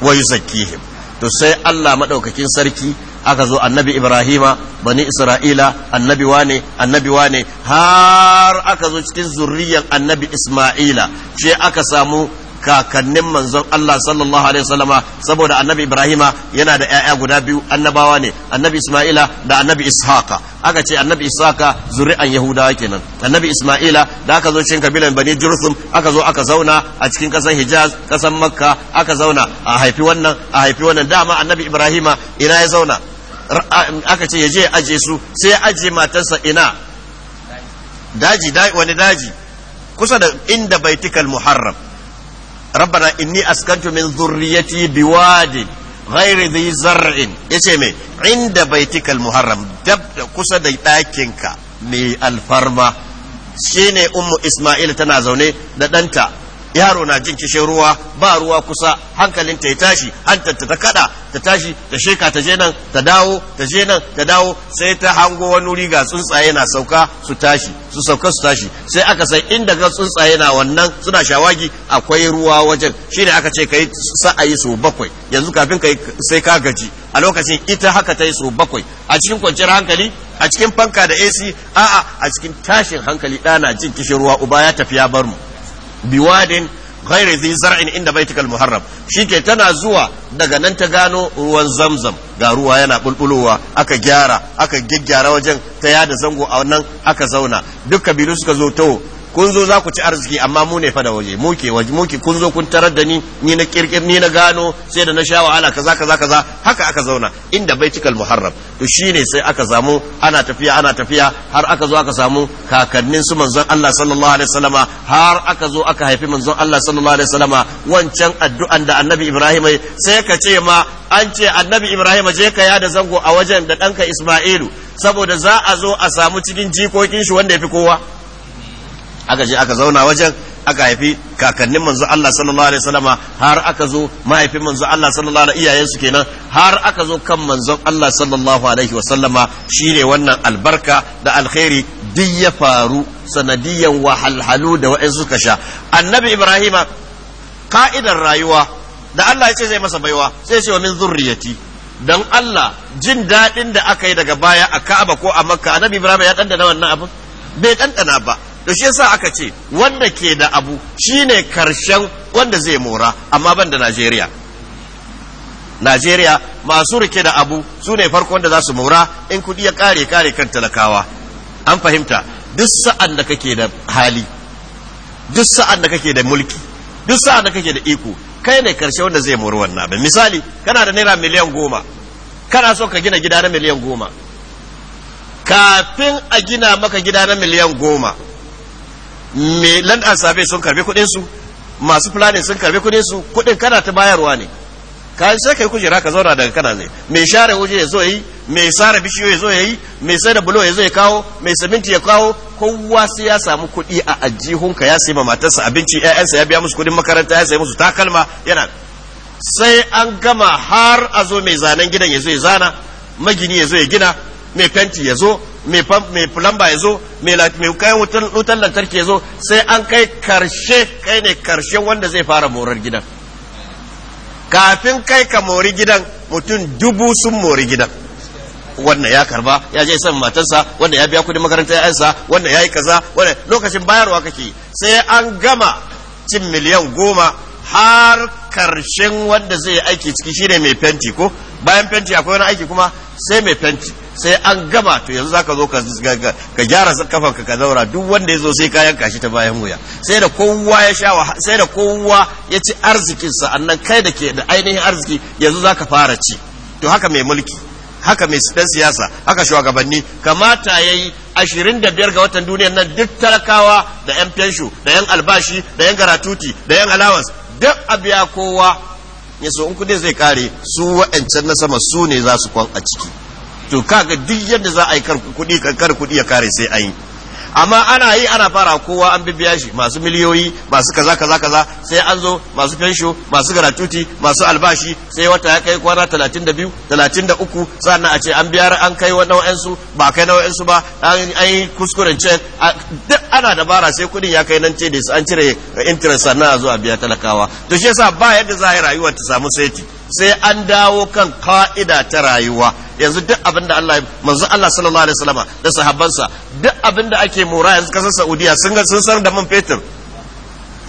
wa yuzakkihim to sai Allah madaukakin sarki aka zo annabi ibrahima bani isra'ila annabi wane annabi wane har aka zo cikin zurriyan annabi isma'ila sai aka samu kakannin manzon Allah sallallahu alaihi wasallama saboda annabi Ibrahima yana da ƴaƴa guda biyu annabawa ne annabi Isma'ila da annabi Ishaqa aka ce annabi Ishaqa zuri'an Yahudawa kenan annabi Isma'ila da aka zo cikin kabilan Bani Jurthum aka zo aka zauna a cikin kasan Hijaz kasan Makka aka zauna a haifi wannan a haifi wannan dama annabi Ibrahima ina ya zauna aka ce ya je aje su sai ya aje matarsa ina daji wani daji kusa da inda baitikal muharram rabbana inni askantu min zurriyati biwadi ghairi dhi zar'in yace me inda baitikal muharram dab da kusa da ɗakinka mai alfarma shine ummu isma'il tana zaune da ɗanta yaro na jin kishin ruwa ba ruwa kusa hankalin ta ya tashi hantar ta kada ta tashi ta sheka ta je nan ta dawo ta je nan ta dawo sai ta hango wani wuri ga tsuntsaye na sauka su tashi su sauka su tashi sai aka san inda ga tsuntsaye na wannan suna shawagi akwai ruwa wajen shine aka ce kai yi su bakwai yanzu kafin kai sai ka gaji a lokacin ita haka ta yi su bakwai a cikin kwanciyar hankali a cikin fanka da AC a'a a cikin tashin hankali ɗana jin kishin ruwa uba ya tafi ya bar mu biwadin ghairi zi zar'in inda baitikal muharram shike tana zuwa daga nan ta gano ruwan zamzam ga ruwa yana bulbulowa aka gyara aka gyaggyara wajen ta yada zango a wannan aka zauna duk kabilu suka zo tawo. kun zo za ku ci arziki amma mu ne fa da waje mu ke waje mu ke kun zo kun tarar da ni ni na kirkir ni na gano sai da na sha wahala kaza kaza kaza haka aka zauna inda baitikal muharram to shine sai aka samu ana tafiya ana tafiya har aka zo aka samu kakannin su manzon Allah sallallahu alaihi wasallama har aka zo aka haifi manzon Allah sallallahu alaihi wasallama wancan addu'an da annabi Ibrahim sai ka ce ma an ce annabi Ibrahim je ka yada zango a wajen da danka Isma'ilu saboda za a zo a samu cikin jikokin shi wanda ya fi kowa aka je aka zauna wajen aka haifi kakannin manzo Allah sallallahu alaihi wasallama har aka zo mahaifin manzo Allah sallallahu alaihi iyayen su kenan har aka zo kan manzon Allah sallallahu alaihi wasallama shine wannan albarka da alkhairi duk ya faru sanadiyan wahalhalu da wa'in suka sha annabi ibrahima ka'idar rayuwa da Allah ya ce zai masa baiwa sai ce wa min zurriyati dan Allah jin daɗin da aka yi daga baya a Ka'aba ko a Makka annabi Ibrahim ya dandana wannan abin bai dandana ba da shi yasa aka ce wanda ke da abu shine karshen wanda zai mora amma ban da Najeriya Najeriya masu rike da abu su ne farko wanda za su mora in kudi ya kare kare kan talakawa an fahimta duk sa'an da kake da hali duk sa'an da kake da mulki duk sa'an da kake da iko kai ne karshe wanda zai mori wannan abin misali kana da naira miliyan goma kana so ka gina gida na miliyan goma kafin a gina maka gida na miliyan goma me land safe sun karbi kuɗinsu su masu planning sun karbi kudin su kuɗin kana ta bayarwa ne ka sai kai kujera ka zauna daga kana ne mai share waje ya zo yi mai sare bishiyo ya zo ya yi mai sai da bulo ya zo ya kawo mai siminti ya kawo kowa sai ya samu kuɗi a ajihunka ya sai ma matarsa abinci ƴaƴansa ya biya musu kudin makaranta ya sai musu takalma yana sai an gama har a zo mai zanen gidan ya zo ya zana magini ya zo ya gina mai fenti ya zo mai fulamba ya zo mai kayan wutan lantarki ya zo sai an kai karshe kai ne karshe wanda zai fara morar gidan kafin kai ka mori gidan mutum dubu sun mori gidan wannan ya karba ya je san matarsa wannan ya biya kudin makarantar yansa wannan ya yi kaza wannan lokacin bayarwa kake sai an gama cin miliyan goma har karshen wanda zai aiki ciki shine mai fenti ko bayan fenti akwai wani aiki kuma sai mai fenti sai an gama to yanzu zaka zo ka gyara kafanka ka ka zaura duk wanda ya zo sai ka yanka ta bayan wuya sai da kowa ya sha sai da kowa ya ci arzikin sa annan kai da ke da ainihin arziki yanzu zaka fara ci to haka mai mulki haka mai dan siyasa haka shugabanni kamata yayi ashirin da biyar ga watan duniyar nan duk talakawa da yan fenshu da yan albashi da yan garatuti da yan allowance duk a biya kowa ya so in kudi zai kare su wa'ancan na sama su ne za su kwan a ciki to kaga duk yadda za a yi kar kuɗi kar kuɗi ya kare sai an yi amma ana yi ana fara kowa an bibiya shi masu miliyoyi masu kaza kaza kaza sai an zo masu fensho masu garatuti masu albashi sai wata ya kai kwana 32 33 sannan a ce an biyar an kai wa su ba kai su ba an yi kuskuren ce duk ana dabara sai kudin ya kai nan ce da an cire interest sannan a zo a biya talakawa to shi yasa ba yadda za a yi rayuwa ta samu saiti sai an dawo kan ka'ida ta rayuwa yanzu duk abin da Allah manzo Allah sallallahu alaihi wasallam da sahabbansa duk abin da ake mora yanzu kasar saudiya sun ga sun san da man fetur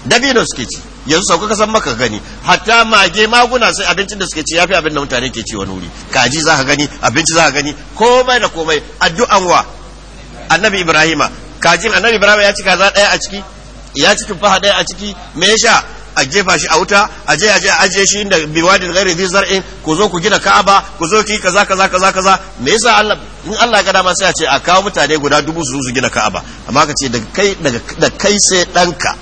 dabino suke ci yanzu sauka kasan maka gani hatta mage maguna sai abincin da suke ci yafi abin da mutane ke ci wani wuri kaji za ka gani abinci za ka gani komai da komai addu'an wa annabi ibrahima kajin annabi ibrahima ya ci kaza daya a ciki ya ci tufaha daya a ciki me ya sha a jefa shi a wuta a je a je a ajiye shi inda wadin ghairi dhi zar'in ku zo ku gina ka'aba ku zo ki kaza kaza kaza kaza me yasa Allah in Allah ya dama sai a ce a kawo mutane guda dubu su su gina ka'aba amma ka ce daga kai da kai sai danka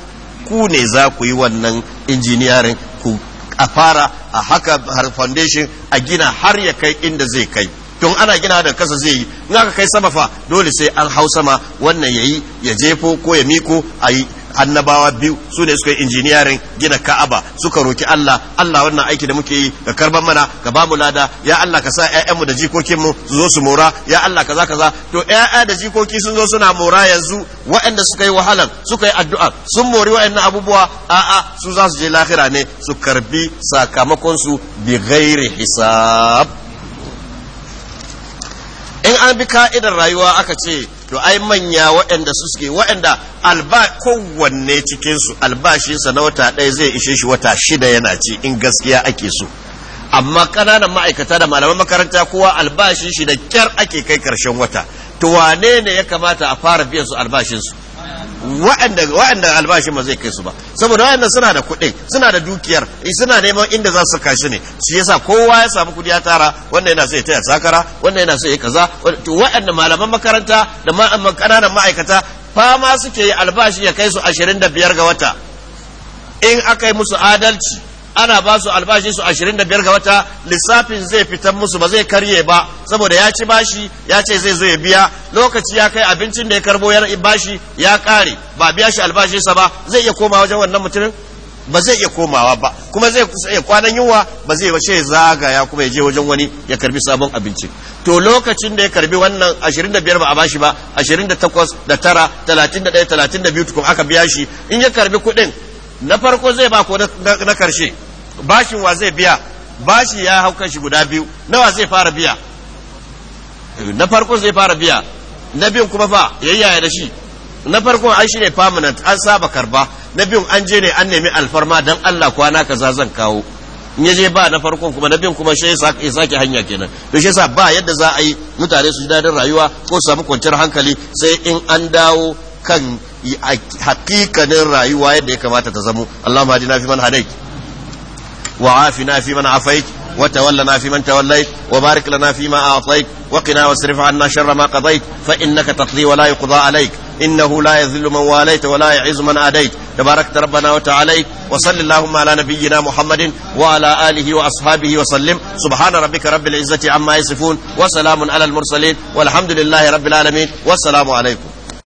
ku ne za ku yi wannan injiniyarin ku a fara a haka har foundation a gina har ya kai inda zai kai don ana gina da kasa zai yi in aka kai sama fa dole sai an hau sama wannan yayi ya jefo ko ya miko ayi. annabawa biyu su ne suka yi injiniyarin gina ka'aba suka roki Allah Allah wannan aiki da muke yi ga karban mana ga ba lada ya Allah ka sa ƴaƴanmu da jikokinmu su zo su mora ya Allah kaza kaza to ƴaƴa da jikoki sun zo suna mora yanzu waɗanda suka yi wahalan suka yi addu'a sun mori waɗannan abubuwa a'a su za su je lahira ne su karbi sakamakon su bi ghairi hisab in an bi ka'idar rayuwa aka ce to ai manya waɗanda su suke waɗanda alba kowanne cikinsu albashinsa na wata ɗaya zai ishe shi wata shida yana ci in gaskiya ake so amma ƙananan ma'aikata da malaman makaranta kowa albashin shi da kyar ake kai ƙarshen wata to wane ne ya kamata a fara biyan su albashinsu wa'anda wa'anda albashin ba zai kai su ba saboda wa'anda suna da kuɗi suna da dukiyar suna neman inda za su kashi ne shi yasa kowa ya samu kudi ya tara wanda yana so ya taya sakara wanda yana so ya kaza wa'anda malaman makaranta da ƙananan ma'aikata fama suke yi albashi ya kai su ashirin da biyar ga wata in aka yi musu adalci ana ba su ashirin su biyar ga wata lissafin zai fitan musu ba zai karye ba saboda ya ci bashi ya ce zai zo ya biya lokaci ya kai abincin da ya karbo ya bashi ya kare ba biya shi albashinsa sa ba zai iya komawa wajen wannan mutumin ba zai iya komawa ba kuma zai iya kwanan yunwa ba zai wace zagaya kuma ya je wajen wani ya karbi sabon abinci to lokacin da ya karbi wannan 25 ba a bashi ba 28 da 9 31 32 tukun aka biya shi in ya karbi kuɗin na farko zai ba ko na karshe bashin wa zai biya bashi ya hau kanshi guda biyu nawa zai fara biya na farko zai fara biya na biyun kuma fa yayyaya da shi na farko an shi ne permanent an saba karba na biyun an je ne an nemi alfarma dan Allah kwana kaza zan kawo in je ba na farkon kuma na biyun kuma shi ya sake hanya kenan to shi yasa ba yadda za a yi mutane su ji dadin rayuwa ko su samu kwanciyar hankali sai in an dawo kan haƙiƙanin rayuwa yadda ya kamata ta zamo Allah ma na fi man hadai wa afi na fi man afai wa tawalla na fi man tawallai wa barik lana fi ma a'tai wa qina wasrif anna sharra ma qadait fa innaka taqdi wa la yuqda alayk innahu la yadhillu man walayta wa la yu'izzu man adait تبارك ربنا وتعالى وصل اللهم على نبينا محمد وعلى آله وأصحابه وسلم سبحان ربك رب العزة عما يصفون وسلام على المرسلين والحمد لله رب العالمين والسلام عليكم